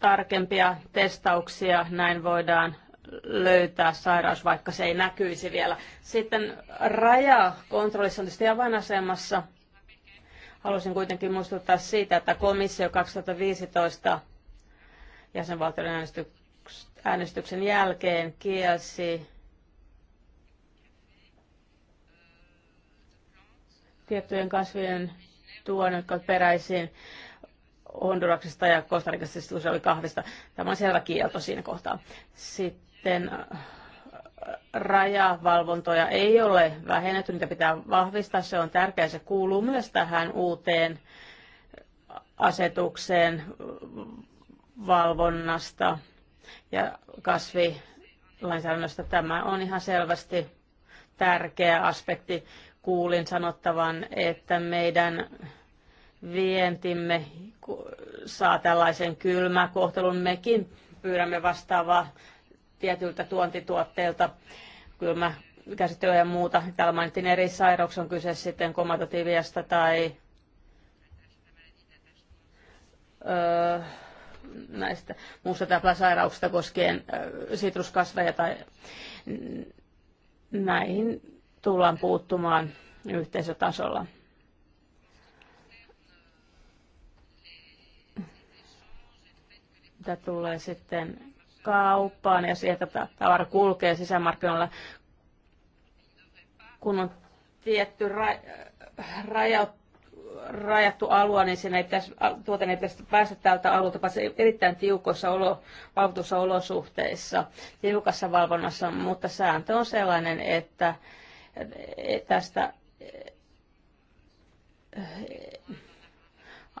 tarkempia testauksia, näin voidaan löytää sairaus, vaikka se ei näkyisi vielä. Sitten raja kontrollissa on tietysti avainasemassa. Haluaisin kuitenkin muistuttaa siitä, että komissio 2015 jäsenvaltioiden äänestyksen äänestyksen jälkeen kielsi tiettyjen kasvien tuon, jotka ovat peräisin Honduraksesta ja Kostarikasta, siis se oli kahvista. Tämä on selvä kielto siinä kohtaa. Sitten äh, rajavalvontoja ei ole vähennetty, niitä pitää vahvistaa, se on tärkeää, se kuuluu myös tähän uuteen asetukseen valvonnasta ja kasvilainsäädännöstä. Tämä on ihan selvästi tärkeä aspekti. Kuulin sanottavan, että meidän vientimme saa tällaisen kylmäkohtelun. Mekin pyydämme vastaavaa tietyiltä tuontituotteilta käsittelyä ja muuta. Täällä mainittiin eri sairauksia, on kyse sitten komatotiviasta tai öö, näistä muusta täpläsairauksista koskien sitruskasveja tai näihin tullaan puuttumaan yhteisötasolla. Mitä tulee sitten kauppaan ja sieltä tavara kulkee sisämarkkinoilla, kun on tietty ra- rajoittu rajattu alue, niin siinä ei pitäisi, tuoten ei pitäisi päästä tältä alueelta, se erittäin tiukoissa olo, valvotussa olosuhteissa, tiukassa valvonnassa, mutta sääntö on sellainen, että tästä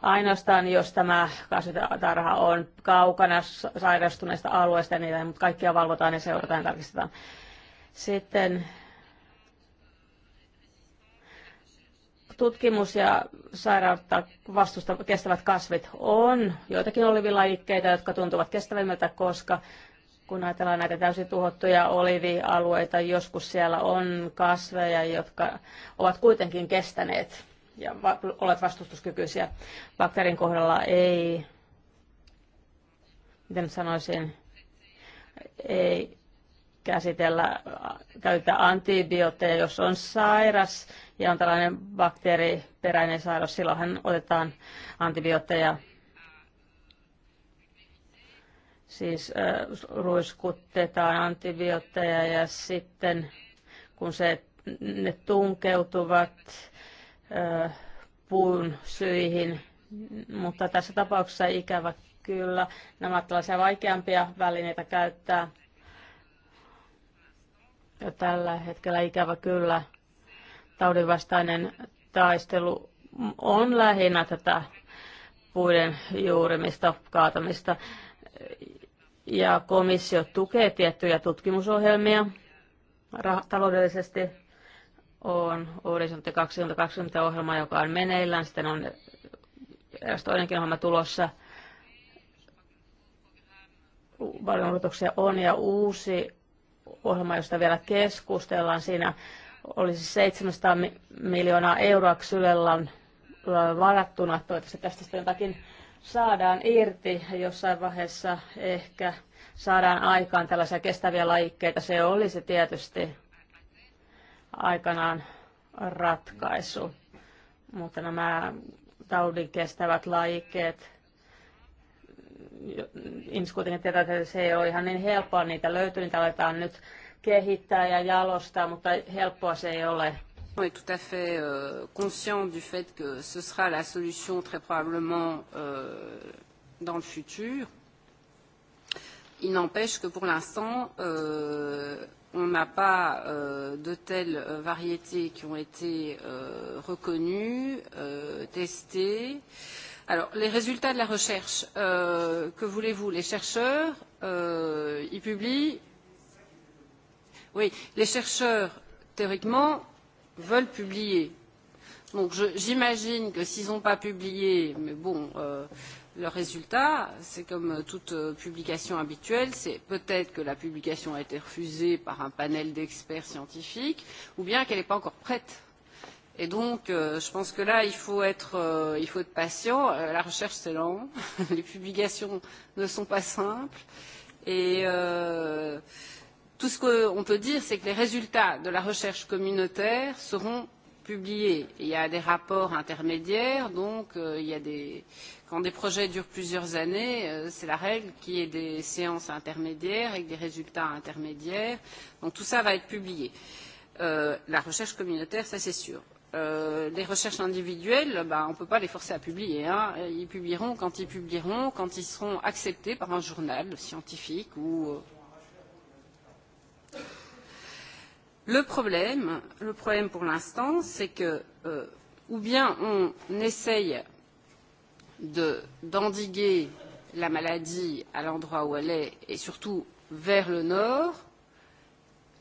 ainoastaan, jos tämä kasvitarha on kaukana sairastuneista alueista niin, mutta kaikkia valvotaan ja seurataan ja tarkistetaan. Sitten Tutkimus ja sairautta vastusta kestävät kasvit on joitakin olivilajikkeita, jotka tuntuvat kestävimmiltä, koska kun ajatellaan näitä täysin tuhottuja olivialueita, joskus siellä on kasveja, jotka ovat kuitenkin kestäneet ja olet vastustuskykyisiä. Bakteerin kohdalla ei, miten sanoisin, ei käsitellä, käyttää antibiootteja, jos on sairas ja on tällainen bakteeriperäinen sairaus, silloinhan otetaan antibiootteja siis äh, ruiskutetaan antibiootteja ja sitten kun se, ne tunkeutuvat äh, puun syihin, mutta tässä tapauksessa ikävä kyllä nämä ovat tällaisia vaikeampia välineitä käyttää jo tällä hetkellä ikävä kyllä taudinvastainen taistelu on lähinnä tätä puiden juurimista, kaatamista. Ja komissio tukee tiettyjä tutkimusohjelmia taloudellisesti. On Horisontti 2020 ohjelma, joka on meneillään. Sitten on eräs toinenkin ohjelma tulossa. Paljon on ja uusi ohjelma, josta vielä keskustellaan. Siinä olisi 700 miljoonaa euroa Ksylellä on varattuna. Toivottavasti tästä sitten jotakin saadaan irti jossain vaiheessa ehkä saadaan aikaan tällaisia kestäviä lajikkeita. Se olisi tietysti aikanaan ratkaisu. Mutta nämä taudin kestävät lajikkeet ihmiset kuitenkin tietää, että se ei ole ihan niin helppoa niitä löytyy, niitä aletaan nyt kehittää ja jalostaa, mutta helppoa se ei ole. On est tout à fait euh, conscient du fait que ce sera la solution très probablement euh, dans le futur. Il n'empêche que pour l'instant, euh, on n'a pas euh, de telles euh, variétés qui ont été euh, reconnues, euh, testées. Alors, les résultats de la recherche, euh, que voulez-vous Les chercheurs, euh, ils publient. Oui, les chercheurs, théoriquement, veulent publier. Donc, j'imagine que s'ils n'ont pas publié, mais bon, euh, leurs résultats, c'est comme euh, toute euh, publication habituelle, c'est peut-être que la publication a été refusée par un panel d'experts scientifiques, ou bien qu'elle n'est pas encore prête et donc, euh, je pense que là, il faut être, euh, il faut être patient. Euh, la recherche, c'est lent. Les publications ne sont pas simples. Et euh, tout ce qu'on peut dire, c'est que les résultats de la recherche communautaire seront publiés. Il y a des rapports intermédiaires, donc euh, il y a des... Quand des projets durent plusieurs années, euh, c'est la règle qu'il y ait des séances intermédiaires avec des résultats intermédiaires. Donc tout ça va être publié. Euh, la recherche communautaire, ça c'est sûr euh, les recherches individuelles, bah, on ne peut pas les forcer à publier. Hein. Ils publieront quand ils publieront, quand ils seront acceptés par un journal scientifique ou. Euh. Le problème, le problème pour l'instant, c'est que euh, ou bien on essaye d'endiguer de, la maladie à l'endroit où elle est et surtout vers le nord,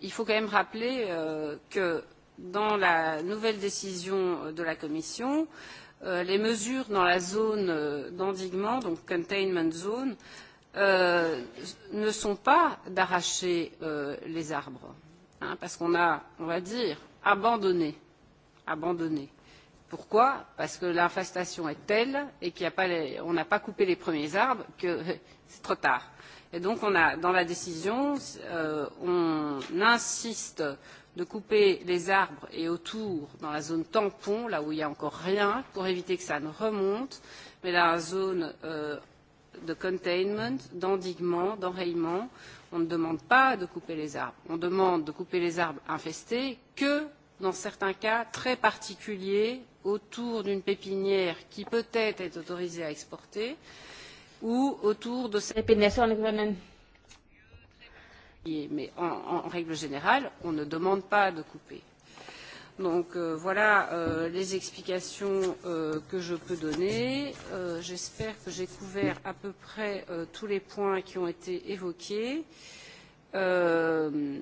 il faut quand même rappeler euh, que dans la nouvelle décision euh, de la Commission, euh, les mesures dans la zone euh, d'endiguement, donc containment zone, euh, ne sont pas d'arracher euh, les arbres, hein, parce qu'on a, on va dire, abandonné. abandonné. Pourquoi Parce que l'infestation est telle et qu'on n'a pas coupé les premiers arbres que c'est trop tard. Et donc, on a, dans la décision, euh, on insiste euh, de couper les arbres et autour dans la zone tampon, là où il n'y a encore rien, pour éviter que ça ne remonte, mais dans la zone euh, de containment, d'endiguement, d'enrayement, on ne demande pas de couper les arbres. On demande de couper les arbres infestés que dans certains cas très particuliers autour d'une pépinière qui peut-être est autorisée à exporter ou autour de... Pépinière, mais en, en règle générale, on ne demande pas de couper. Donc euh, voilà euh, les explications euh, que je peux donner. Euh, J'espère que j'ai couvert à peu près euh, tous les points qui ont été évoqués. Euh,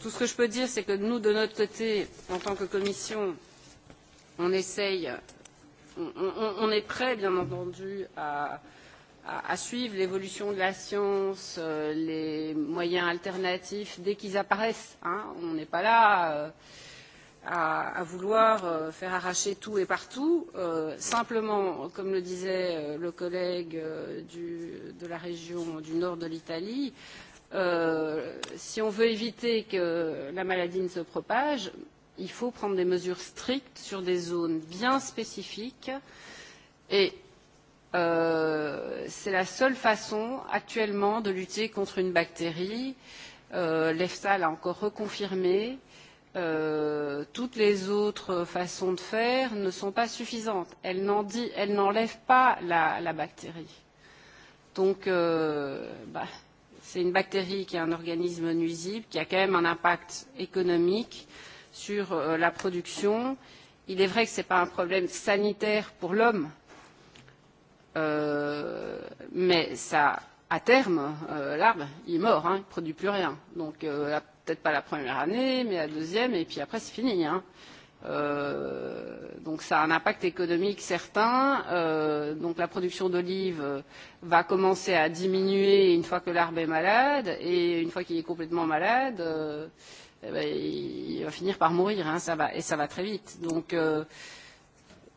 tout ce que je peux dire, c'est que nous, de notre côté, en tant que commission, on essaye, on, on, on est prêt, bien entendu, à, euh, à, suivre l'évolution de la science, euh, les moyens alternatifs, dès qu'ils apparaissent. Hein, on n'est pas là euh, à, à vouloir euh, faire arracher tout et partout. Euh, simplement, comme le disait euh, le collègue euh, du, de la région du nord de l'Italie, euh, si on veut éviter que la maladie ne se propage, il faut prendre des mesures strictes sur des zones bien spécifiques et Euh, c'est la seule façon actuellement de lutter contre une bactérie. Euh, L'EFSA l'a encore reconfirmé. Euh, toutes les autres façons de faire ne sont pas suffisantes. Elles n'enlèvent pas la, la bactérie. Donc, euh, bah, c'est une bactérie qui est un organisme nuisible, qui a quand même un impact économique sur euh, la production. Il est vrai que ce n'est pas un problème sanitaire pour l'homme, Euh, mais ça, à terme, euh, l'arbre, il est mort, hein, il ne produit plus rien. Donc, euh, peut-être pas la première année, mais la deuxième, et puis après, c'est fini. Hein. Euh, donc ça a un impact économique certain. Euh, donc la production d'olives va commencer à diminuer une fois que l'arbre est malade, et une fois qu'il est complètement malade, euh, eh ben, il va finir par mourir, hein, ça va, et ça va très vite. Donc euh,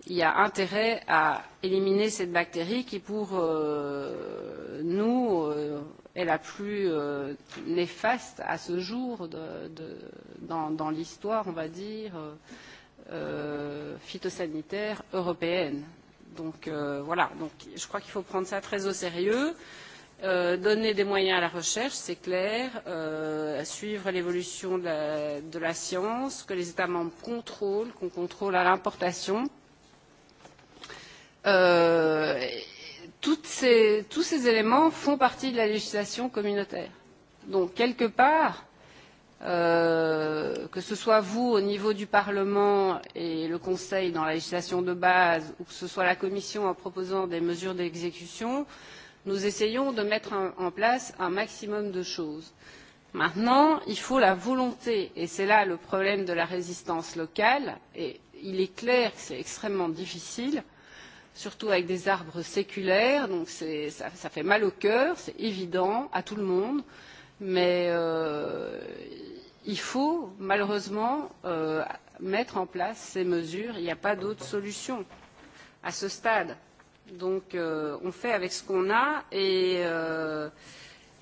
il y a intérêt à éliminer cette bactérie qui, pour euh, nous, euh, est la plus euh, néfaste à ce jour de, de, dans, dans l'histoire, on va dire, euh, phytosanitaire européenne. Donc euh, voilà, donc, je crois qu'il faut prendre ça très au sérieux. Euh, donner des moyens à la recherche, c'est clair, euh, suivre l'évolution de, de la science, que les États membres contrôlent, qu'on contrôle à l'importation, euh, ces, tous ces éléments font partie de la législation communautaire. Donc, quelque part, euh, que ce soit vous au niveau du Parlement et le Conseil dans la législation de base, ou que ce soit la Commission en proposant des mesures d'exécution, nous essayons de mettre un, en place un maximum de choses. Maintenant, il faut la volonté, et c'est là le problème de la résistance locale, et il est clair que c'est extrêmement difficile, euh, surtout avec des arbres séculaires, donc ça, ça fait mal au cœur, c'est évident à tout le monde, mais euh, il faut malheureusement euh, mettre en place ces mesures, il n'y a pas d'autre solution à ce stade. Donc euh, on fait avec ce qu'on a et, euh,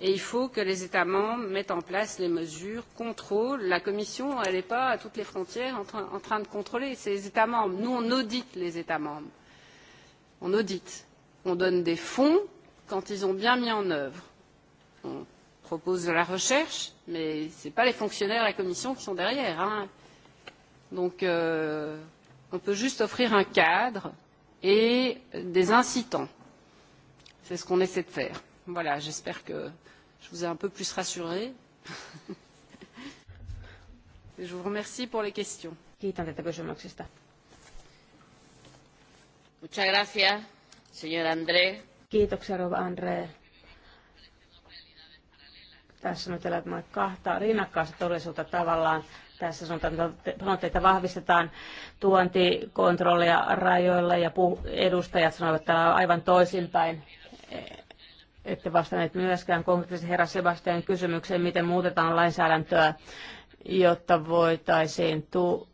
et il faut que les États membres mettent en place les mesures, contrôlent. La Commission, elle n'est pas à toutes les frontières en, tra en train de contrôler, c'est les États membres. Nous, on audite les États membres on audite, on donne des fonds quand ils ont bien mis en œuvre. On propose de la recherche, mais ce n'est pas les fonctionnaires de la Commission qui sont derrière. Hein. Donc euh, on peut juste offrir un cadre et des incitants. C'est ce qu'on essaie de faire. Voilà, j'espère que je vous ai un peu plus rassuré. je vous remercie pour les questions. Kiitän tätä kysymyksestä. Muchas gracias, señor André. Kiitoksia, rouva André. Tässä nyt elämme kahta rinnakkaista todellisuutta tavallaan. Tässä sanotaan, että vahvistetaan tuontikontrollia rajoilla ja edustajat sanoivat on aivan toisinpäin e- ette vastanneet myöskään konkreettisesti herra Sebastian kysymykseen, miten muutetaan lainsäädäntöä, jotta voitaisiin tu-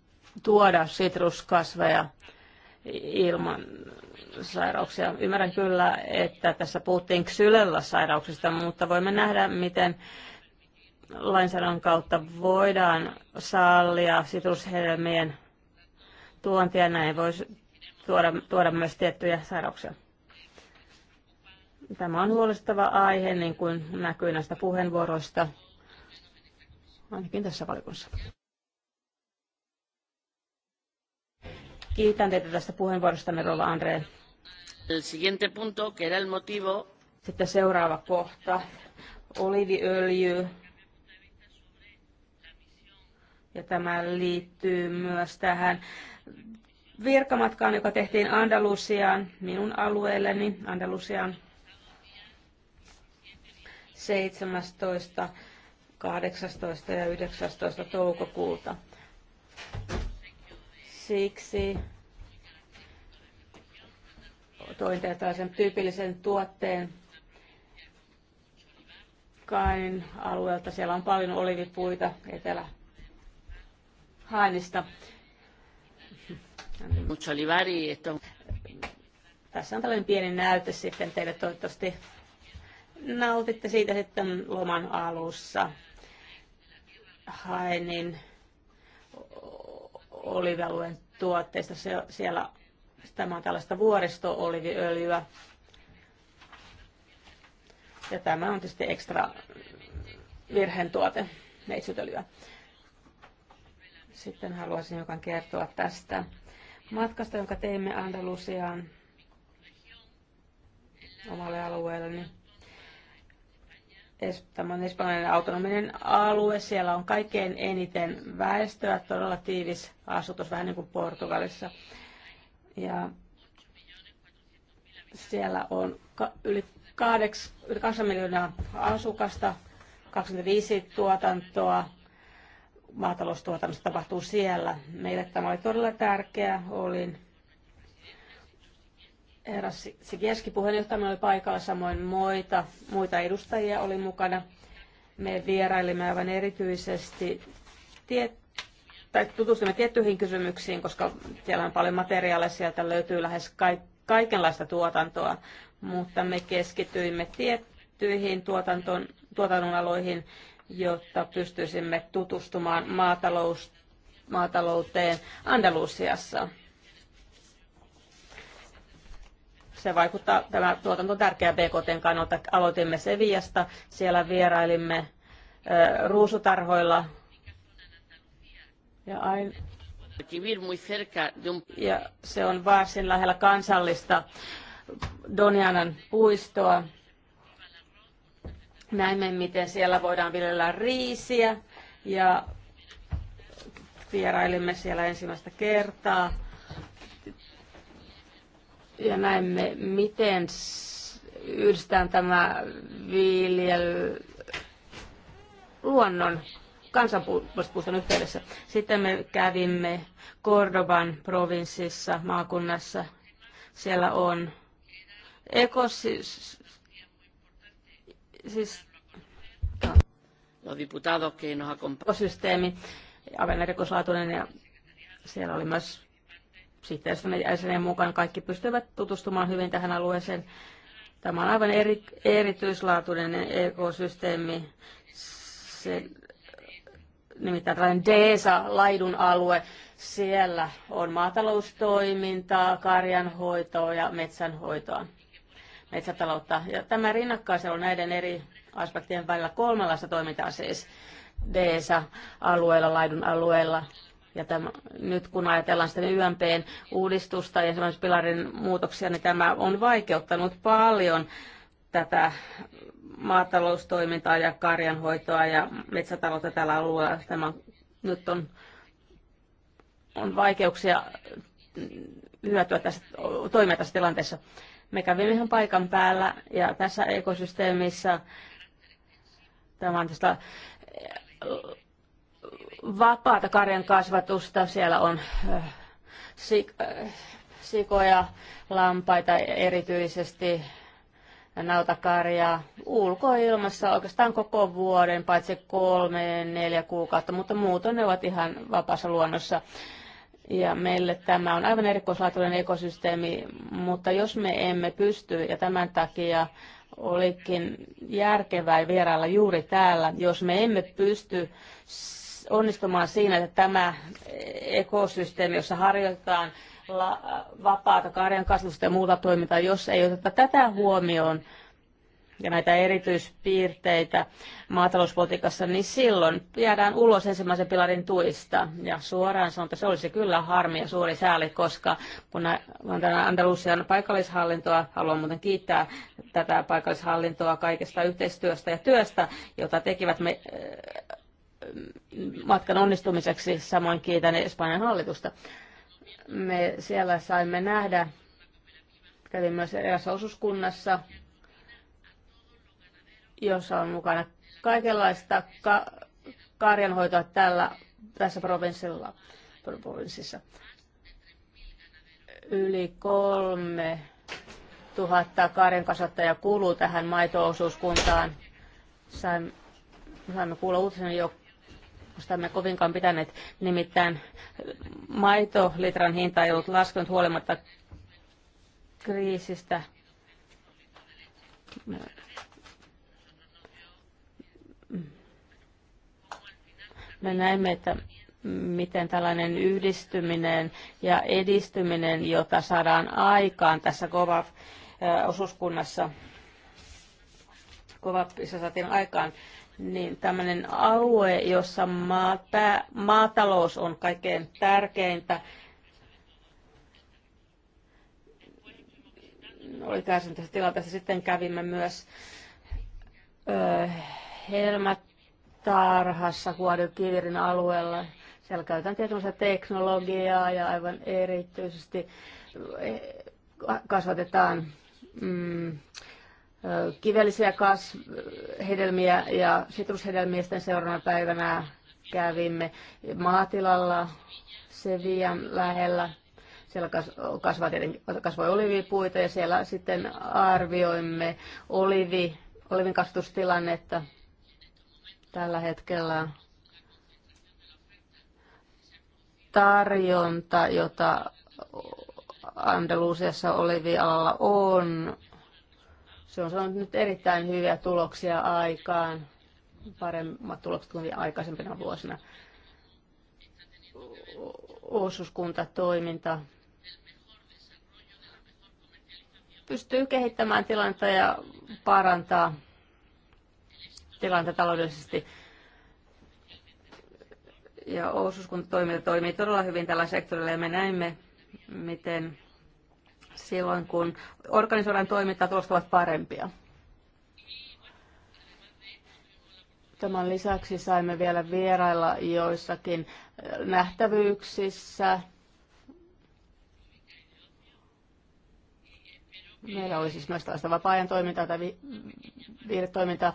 tuoda sitruskasveja ilman sairauksia. Ymmärrän kyllä, että tässä puhuttiin ksylellä sairauksista, mutta voimme nähdä, miten lainsäädännön kautta voidaan sallia sitrushedelmien tuontia. Näin voisi tuoda, tuoda myös tiettyjä sairauksia. Tämä on huolestava aihe, niin kuin näkyy näistä puheenvuoroista, ainakin tässä valikunnassa. Kiitän teitä tästä puheenvuorosta, Merola Andre. El siguiente punto, que era el motivo. Sitten seuraava kohta. Oliviöljy. Ja tämä liittyy myös tähän virkamatkaan, joka tehtiin Andalusiaan, minun alueelleni Andalusiaan 17, 18 ja 19 toukokuuta. Siksi toin teille tällaisen tyypillisen tuotteen Kain alueelta. Siellä on paljon olivipuita etelä Hainista. mutta Tässä on tällainen pieni näyte sitten teille toivottavasti nautitte siitä sitten loman alussa. Hainin olivialueen tuotteista. Se, siellä tämä on tällaista vuoristo-oliviöljyä. Ja tämä on tietysti ekstra virheen tuote, neitsytöljyä. Sitten haluaisin jokan kertoa tästä matkasta, jonka teimme Andalusiaan omalle alueelleni. Niin Tämä on espanjalainen autonominen alue. Siellä on kaikkein eniten väestöä, todella tiivis asutus, vähän niin kuin Portugalissa. Ja siellä on yli 8, yli 8 miljoonaa asukasta, 25 tuotantoa, maataloustuotannosta tapahtuu siellä. Meille tämä oli todella tärkeää. Olin Herra Sikierski puheenjohtajamme oli paikalla, samoin moita, muita edustajia oli mukana. Me vierailimme aivan erityisesti tiet, tai tutustuimme tiettyihin kysymyksiin, koska siellä on paljon materiaalia, sieltä löytyy lähes kaikenlaista tuotantoa, mutta me keskityimme tiettyihin tuotanton, tuotannon aloihin, jotta pystyisimme tutustumaan maatalous, maatalouteen Andalusiassa se vaikuttaa, tämä tuotanto on tärkeä BKTn kannalta. Aloitimme Seviasta, siellä vierailimme ruusutarhoilla. Ja, ain... ja se on varsin lähellä kansallista Donianan puistoa. Näimme, miten siellä voidaan viljellä riisiä ja vierailimme siellä ensimmäistä kertaa ja näemme, miten yhdistetään tämä viljely luonnon kansanpuiston yhteydessä. Sitten me kävimme Cordoban provinssissa, maakunnassa. Siellä on ekos... Siis, siis, Ekosysteemi, aivan ja siellä oli myös sen jäsenen e- e mukaan kaikki pystyvät tutustumaan hyvin tähän alueeseen. Tämä on aivan eri, erityislaatuinen ekosysteemi. Se, nimittäin tällainen DESA-laidun alue. Siellä on maataloustoimintaa, karjanhoitoa ja metsänhoitoa, metsätaloutta. Ja tämä on näiden eri aspektien välillä kolmella toimintaa siis DESA-alueella, laidun alueella ja tämä, nyt kun ajatellaan sitä YMPn uudistusta ja sellaisen pilarin muutoksia, niin tämä on vaikeuttanut paljon tätä maataloustoimintaa ja karjanhoitoa ja metsätaloutta tällä alueella. Tämä nyt on, on vaikeuksia hyötyä tästä, toimia tässä tilanteessa. Me kävimme ihan paikan päällä ja tässä ekosysteemissä tämä on tästä vapaata karjankasvatusta. Siellä on äh, äh, sikoja, lampaita erityisesti, nautakarjaa ulkoilmassa oikeastaan koko vuoden, paitsi kolme, neljä kuukautta, mutta muuten ne ovat ihan vapaassa luonnossa. Ja meille tämä on aivan erikoislaatuinen ekosysteemi, mutta jos me emme pysty, ja tämän takia olikin järkevää vierailla juuri täällä, jos me emme pysty onnistumaan siinä, että tämä ekosysteemi, jossa harjoitetaan la, vapaata karjan kasvusta ja muuta toimintaa, jos ei oteta tätä huomioon ja näitä erityispiirteitä maatalouspolitiikassa, niin silloin jäädään ulos ensimmäisen pilarin tuista. Ja suoraan että se olisi kyllä harmi ja suuri sääli, koska kun on Andalusian paikallishallintoa, haluan muuten kiittää tätä paikallishallintoa kaikesta yhteistyöstä ja työstä, jota tekivät me, matkan onnistumiseksi. Samoin kiitän Espanjan hallitusta. Me siellä saimme nähdä, kävin myös erässä osuuskunnassa, jossa on mukana kaikenlaista ka- karjanhoitoa tällä, tässä provinssilla, provinssissa. Yli kolme tuhatta karjankasvattajaa kuuluu tähän maito-osuuskuntaan. saimme kuulla uutisen, sitä me kovinkaan pitäneet. Nimittäin maitolitran hinta ei ollut laskenut huolimatta kriisistä. Me näemme, että miten tällainen yhdistyminen ja edistyminen, jota saadaan aikaan tässä GOVAF-osuuskunnassa, GOVAFissa saatiin aikaan, niin tämmöinen alue, jossa maata, maatalous on kaikkein tärkeintä, oli kärsinyt tässä tilanteessa. Sitten kävimme myös ö, Helmätarhassa Huodokivirin alueella. Siellä käytetään tietynlaista teknologiaa ja aivan erityisesti kasvatetaan mm, kivellisiä kasvihedelmiä ja sitrushedelmiä sitten seuraavana päivänä kävimme maatilalla Sevian lähellä. Siellä kasvoi, kasvoi olivipuita ja siellä sitten arvioimme olivi, olivin kasvatustilannetta tällä hetkellä tarjonta, jota Andalusiassa olivialalla on, se on saanut nyt erittäin hyviä tuloksia aikaan, paremmat tulokset kuin aikaisempina vuosina. Osuuskuntatoiminta pystyy kehittämään tilannetta ja parantaa tilannetta taloudellisesti. Ja osuuskuntatoiminta toimii todella hyvin tällä sektorilla ja me näimme, miten silloin, kun organisoidaan toimintaa, tulokset ovat parempia. Tämän lisäksi saimme vielä vierailla joissakin nähtävyyksissä. Meillä oli siis myös tällaista vapaa-ajan toimintaa tai viiretoimintaa.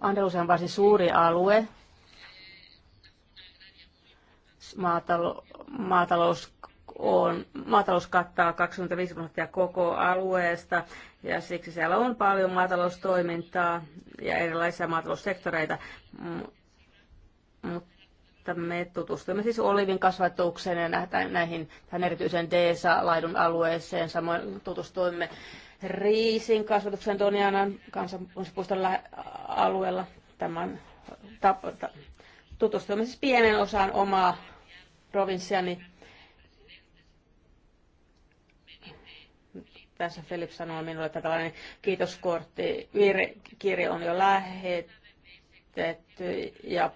Andalusia on varsin suuri alue. Maatalo- maatalous on, maatalous kattaa 25 prosenttia koko alueesta ja siksi siellä on paljon maataloustoimintaa ja erilaisia maataloussektoreita. Mutta me tutustuimme siis olivin kasvatukseen ja näihin tähän erityisen DESA-laidun alueeseen. Samoin tutustuimme riisin kasvatukseen Donianan kansanpuiston alueella. Tämän tap, tutustuimme siis pienen osan omaa provinssiani. tässä Philip sanoi minulle, että tällainen kiitoskortti, kirja on jo lähetetty ja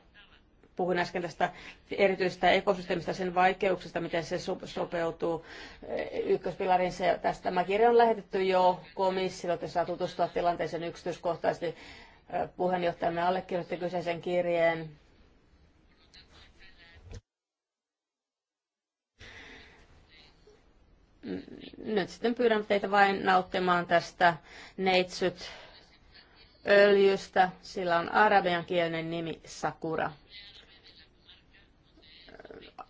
puhuin äsken tästä erityisestä ekosysteemistä, sen vaikeuksista, miten se sopeutuu eh, ykköspilariin. Se, tästä, tämä kirja on lähetetty jo komissiolle, että saa tutustua tilanteeseen yksityiskohtaisesti. Eh, puheenjohtajamme allekirjoitti kyseisen kirjeen nyt sitten pyydän teitä vain nauttimaan tästä neitsyt öljystä. Sillä on arabiankielinen nimi Sakura.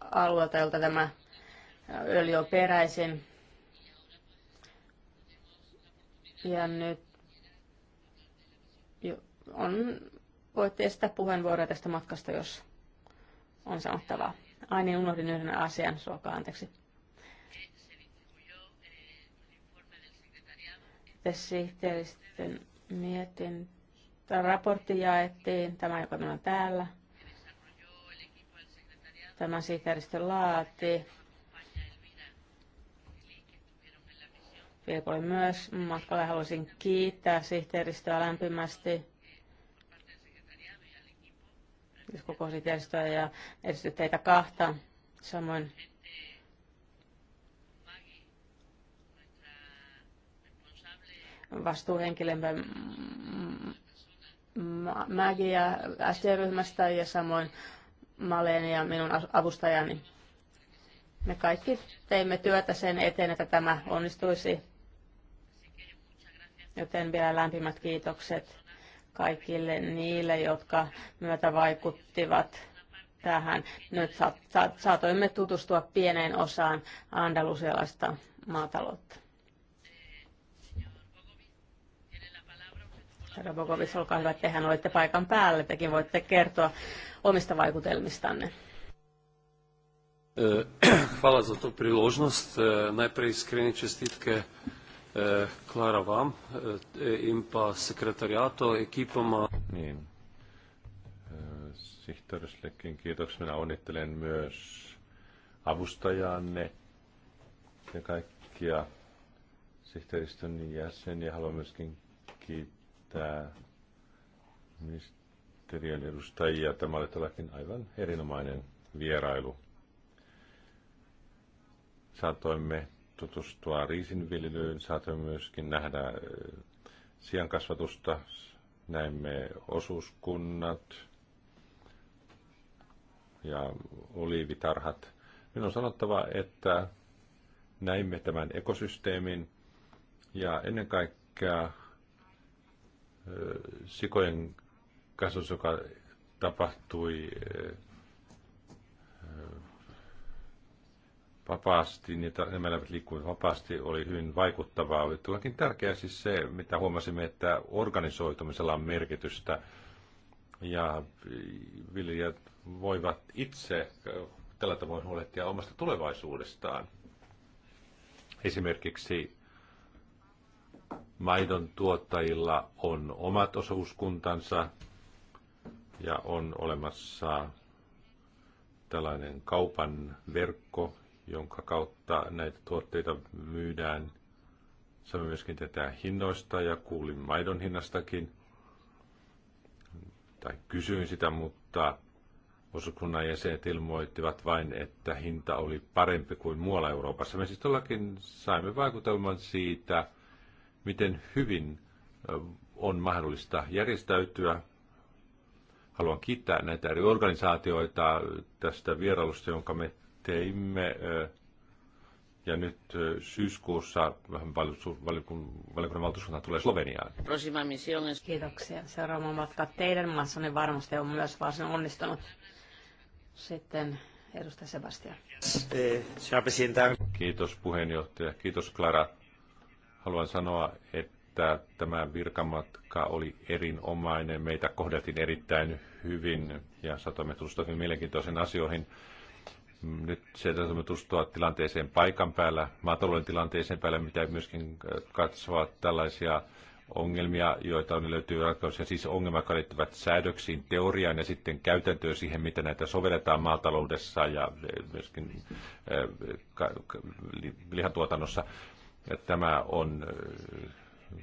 Alueelta, jolta tämä öljy on peräisin. Ja nyt on, voitte estää puheenvuoroja tästä matkasta, jos on sanottavaa. Aini, niin, unohdin yhden asian, suokaa anteeksi. sihteeristön mietin, tämä raportti jaettiin, tämä joka on täällä. Tämä sihteeristö laati. Vielä oli myös matkalla. Haluaisin kiittää sihteeristöä lämpimästi koko sihteeristöä ja edistyt teitä kahta. Samoin vastuuhenkilömme Mägiä SD-ryhmästä ja samoin Maleen ja minun avustajani. Me kaikki teimme työtä sen eteen, että tämä onnistuisi. Joten vielä lämpimät kiitokset kaikille niille, jotka myötä vaikuttivat tähän. Nyt saatoimme tutustua pieneen osaan andalusialaista maataloutta. Rabokovis, olkaa hyvä, että tehän olette paikan päällä. Tekin voitte kertoa omista vaikutelmistanne. E, hvala za to priložnost. E, najprej iskreni čestitke e, Klara vam in pa sekretariato ekipama. Niin. Sihteerillekin kiitos. Minä onnittelen myös avustajanne ja kaikkia sihteeristön jäseniä. Haluan myöskin kiittää kiittää ministeriön edustajia. Tämä oli todellakin aivan erinomainen vierailu. Saatoimme tutustua riisinviljelyyn, saatoimme myöskin nähdä eh, siankasvatusta, näimme osuuskunnat ja oliivitarhat. Minun on sanottava, että näimme tämän ekosysteemin ja ennen kaikkea sikojen kasvus, joka tapahtui eh, vapaasti, niin nämä eläimet liikkuivat vapaasti, oli hyvin vaikuttavaa. Oli tullakin tärkeää siis se, mitä huomasimme, että organisoitumisella on merkitystä ja viljelijät voivat itse eh, tällä tavoin huolehtia omasta tulevaisuudestaan. Esimerkiksi Maidon tuottajilla on omat osuuskuntansa ja on olemassa tällainen kaupan verkko, jonka kautta näitä tuotteita myydään. Saamme myöskin tätä hinnoista ja kuulin maidon hinnastakin. Tai kysyin sitä, mutta osuuskunnan jäsenet ilmoittivat vain, että hinta oli parempi kuin muualla Euroopassa. Me siis todellakin saimme vaikutelman siitä, miten hyvin on mahdollista järjestäytyä. Haluan kiittää näitä eri organisaatioita tästä vierailusta, jonka me teimme. Ja nyt syyskuussa vähän valiokunnan valtuuskunta tulee Sloveniaan. Kiitoksia. Seuraava matka teidän maassanne varmasti on myös varsin onnistunut. Sitten edustaja Sebastian. Eh, Kiitos puheenjohtaja. Kiitos Klara haluan sanoa, että tämä virkamatka oli erinomainen. Meitä kohdeltiin erittäin hyvin ja satoimme tutustua hyvin mielenkiintoisiin asioihin. Nyt se, saatamme tutustua tilanteeseen paikan päällä, maatalouden tilanteeseen päällä, mitä myöskin katsoa tällaisia ongelmia, joita on löytyy ratkaisuja, siis ongelmat, jotka liittyvät säädöksiin, teoriaan ja sitten käytäntöön siihen, miten näitä sovelletaan maataloudessa ja myöskin äh, lihantuotannossa. Ja tämä on, äh,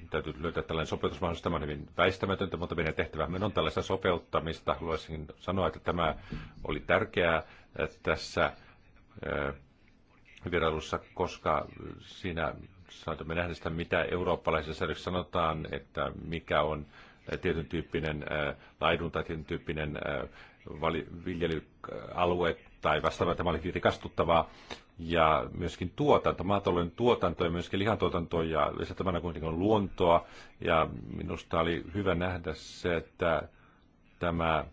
täytyy löytää tällainen sopeutusmahdollisuus, tämä on hyvin väistämätöntä, mutta meidän tehtävämme on tällaista sopeuttamista. Haluaisin sanoa, että tämä oli tärkeää äh, tässä äh, virallussa koska siinä saatamme nähdä sitä, mitä eurooppalaisessa säädöksessä sanotaan, että mikä on tietyn tyyppinen laidun tai tietyn tyyppinen viljelyalue tai vastaava. Tämä oli rikastuttavaa ja myöskin tuotanto, maatalouden tuotanto ja myöskin lihantuotanto ja lisätämänä kuitenkin on luontoa. Ja minusta oli hyvä nähdä se, että tämä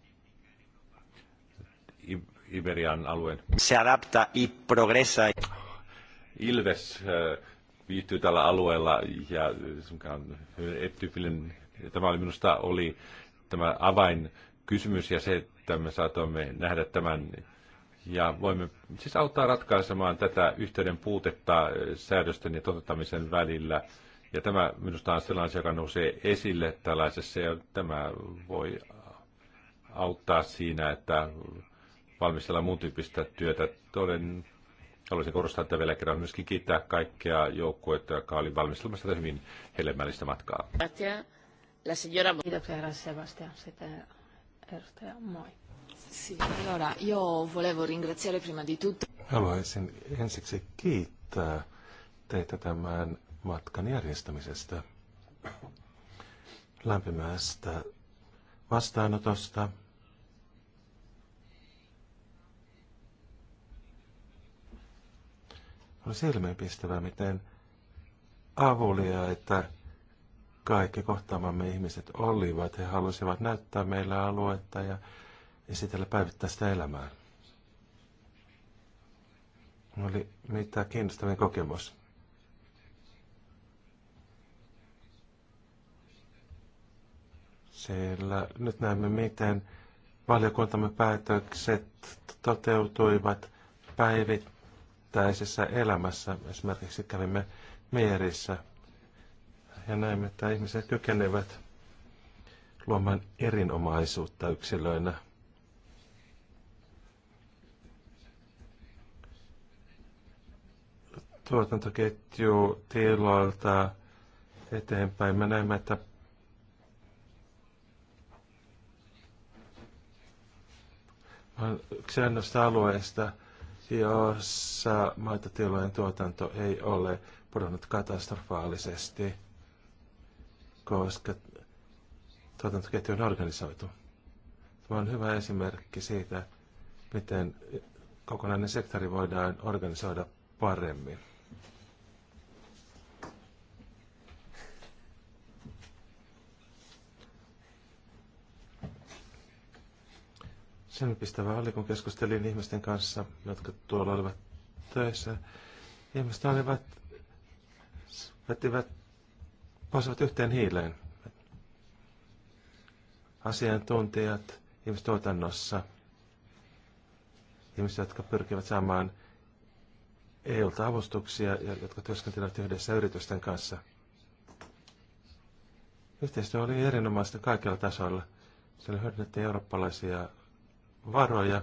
Iberian alueen se adapta y progresa. Ilves eh, viihtyy tällä alueella ja tämä oli minusta oli tämä avain kysymys ja se, että me saatoimme nähdä tämän ja voimme siis auttaa ratkaisemaan tätä yhteyden puutetta äh, säädösten ja toteuttamisen välillä. Ja tämä minusta on sellainen asia, joka nousee esille tällaisessa, ja tämä voi auttaa siinä, että valmistellaan muun tyyppistä työtä. Toden, haluaisin korostaa, että vielä kerran myöskin kiittää kaikkea joukkuetta, joka oli valmistelemassa tätä hyvin helmällistä matkaa. Kiitoksia, herra Sebastian. Sitten edustaja Moi. Sì, allora io volevo ringraziare prima di tutto. Haluaisin ensiksi kiittää teitä tämän matkan järjestämisestä, lämpimästä vastaanotosta. On silmiinpistävää, miten avuliaita kaikki kohtaamamme ihmiset olivat. He halusivat näyttää meillä aluetta ja esitellä päivittäistä elämää. Oli mitä kiinnostavin kokemus. Siellä nyt näemme, miten valiokuntamme päätökset toteutuivat päivittäisessä elämässä. Esimerkiksi kävimme mierissä ja näemme, että ihmiset kykenevät luomaan erinomaisuutta yksilöinä – tuotantoketju tiloilta eteenpäin. Me näemme, että yksi ainoasta alueesta, jossa maitotilojen tuotanto ei ole pudonnut katastrofaalisesti, koska tuotantoketju on organisoitu. Tämä on hyvä esimerkki siitä, miten kokonainen sektori voidaan organisoida paremmin. Sen pistävä oli, kun keskustelin ihmisten kanssa, jotka tuolla olivat töissä. Ihmiset olivat, vetivät, posivat yhteen hiileen. Asiantuntijat, ihmiset tuotannossa, ihmiset, jotka pyrkivät saamaan EU-ta avustuksia ja jotka työskentelevät yhdessä yritysten kanssa. Yhteistyö oli erinomaista kaikilla tasoilla. Siellä hyödynnettiin eurooppalaisia varoja,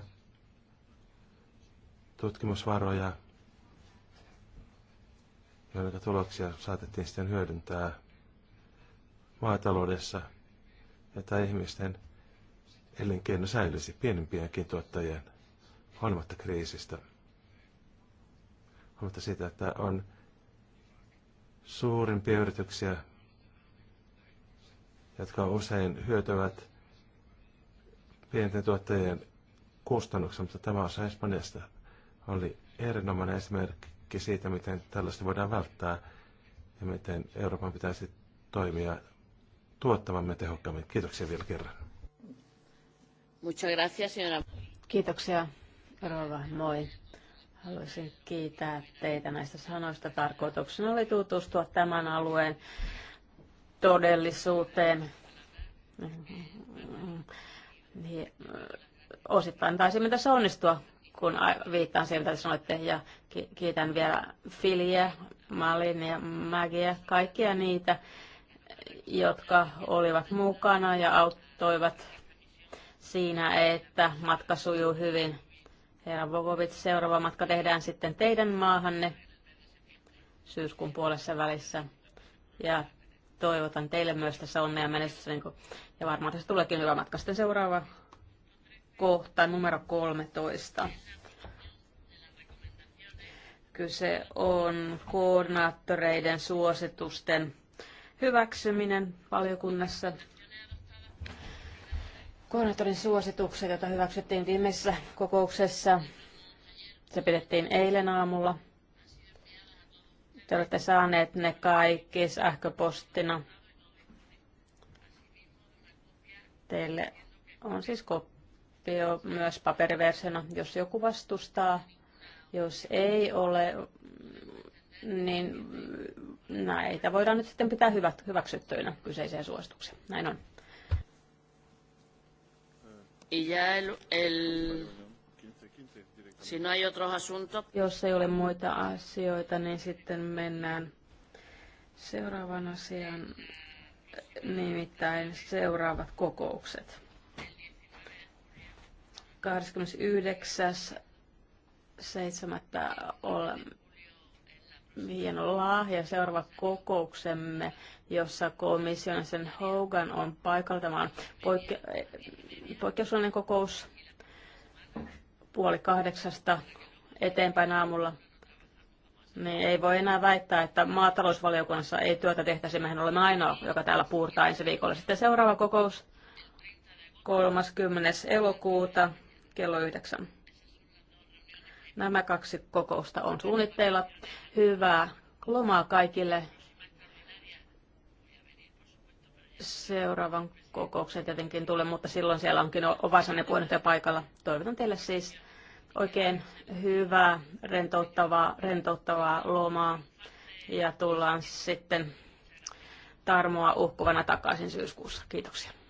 tutkimusvaroja, joita tuloksia saatettiin sitten hyödyntää maataloudessa, että ihmisten elinkeino säilyisi pienempienkin tuottajien huolimatta kriisistä. Huolimatta siitä, että on suurimpia yrityksiä, jotka usein hyötyvät pienten tuottajien kustannuksia, mutta tämä osa Espanjasta oli erinomainen esimerkki siitä, miten tällaista voidaan välttää ja miten Euroopan pitäisi toimia tuottavamme tehokkaammin. Kiitoksia vielä kerran. Muchas gracias, señora. Kiitoksia, Rova. Moi. Haluaisin kiittää teitä näistä sanoista. Tarkoituksena oli tutustua tämän alueen todellisuuteen osittain taisimme tässä onnistua, kun viittaan siihen, mitä sanoitte, ja kiitän vielä Filiä, Malin ja Mägiä, kaikkia niitä, jotka olivat mukana ja auttoivat siinä, että matka sujuu hyvin. Herra Bogovic, seuraava matka tehdään sitten teidän maahanne syyskuun puolessa välissä. Ja toivotan teille myös tässä onnea menestystä, niin ja varmaan tässä tuleekin hyvä matka sitten seuraava kohta numero 13. Kyse on koordinaattoreiden suositusten hyväksyminen valiokunnassa. Koordinaattorin suositukset, joita hyväksyttiin viimeisessä kokouksessa, se pidettiin eilen aamulla. Te olette saaneet ne kaikki sähköpostina. Teille on siis kopio bio, myös paperiversiona, jos joku vastustaa. Jos ei ole, niin näitä voidaan nyt sitten pitää hyvät, hyväksyttyinä kyseiseen suositukseen. Näin on. No jos ei ole muita asioita, niin sitten mennään seuraavan asian nimittäin seuraavat kokoukset. 29.7. olemme hieno lahja seuraava kokouksemme, jossa komission sen Hogan on paikalla. Tämä on poikke- poikkeuksellinen kokous puoli kahdeksasta eteenpäin aamulla. Niin ei voi enää väittää, että maatalousvaliokunnassa ei työtä tehtäisi. Mehän olemme ainoa, joka täällä puurtaa ensi viikolla. Sitten seuraava kokous 30. elokuuta kello yhdeksän. Nämä kaksi kokousta on suunnitteilla. Hyvää lomaa kaikille. Seuraavan kokouksen tietenkin tulee, mutta silloin siellä onkin Ovasanen puheenjohtaja paikalla. Toivotan teille siis oikein hyvää, rentouttavaa, rentouttavaa lomaa ja tullaan sitten tarmoa uhkuvana takaisin syyskuussa. Kiitoksia.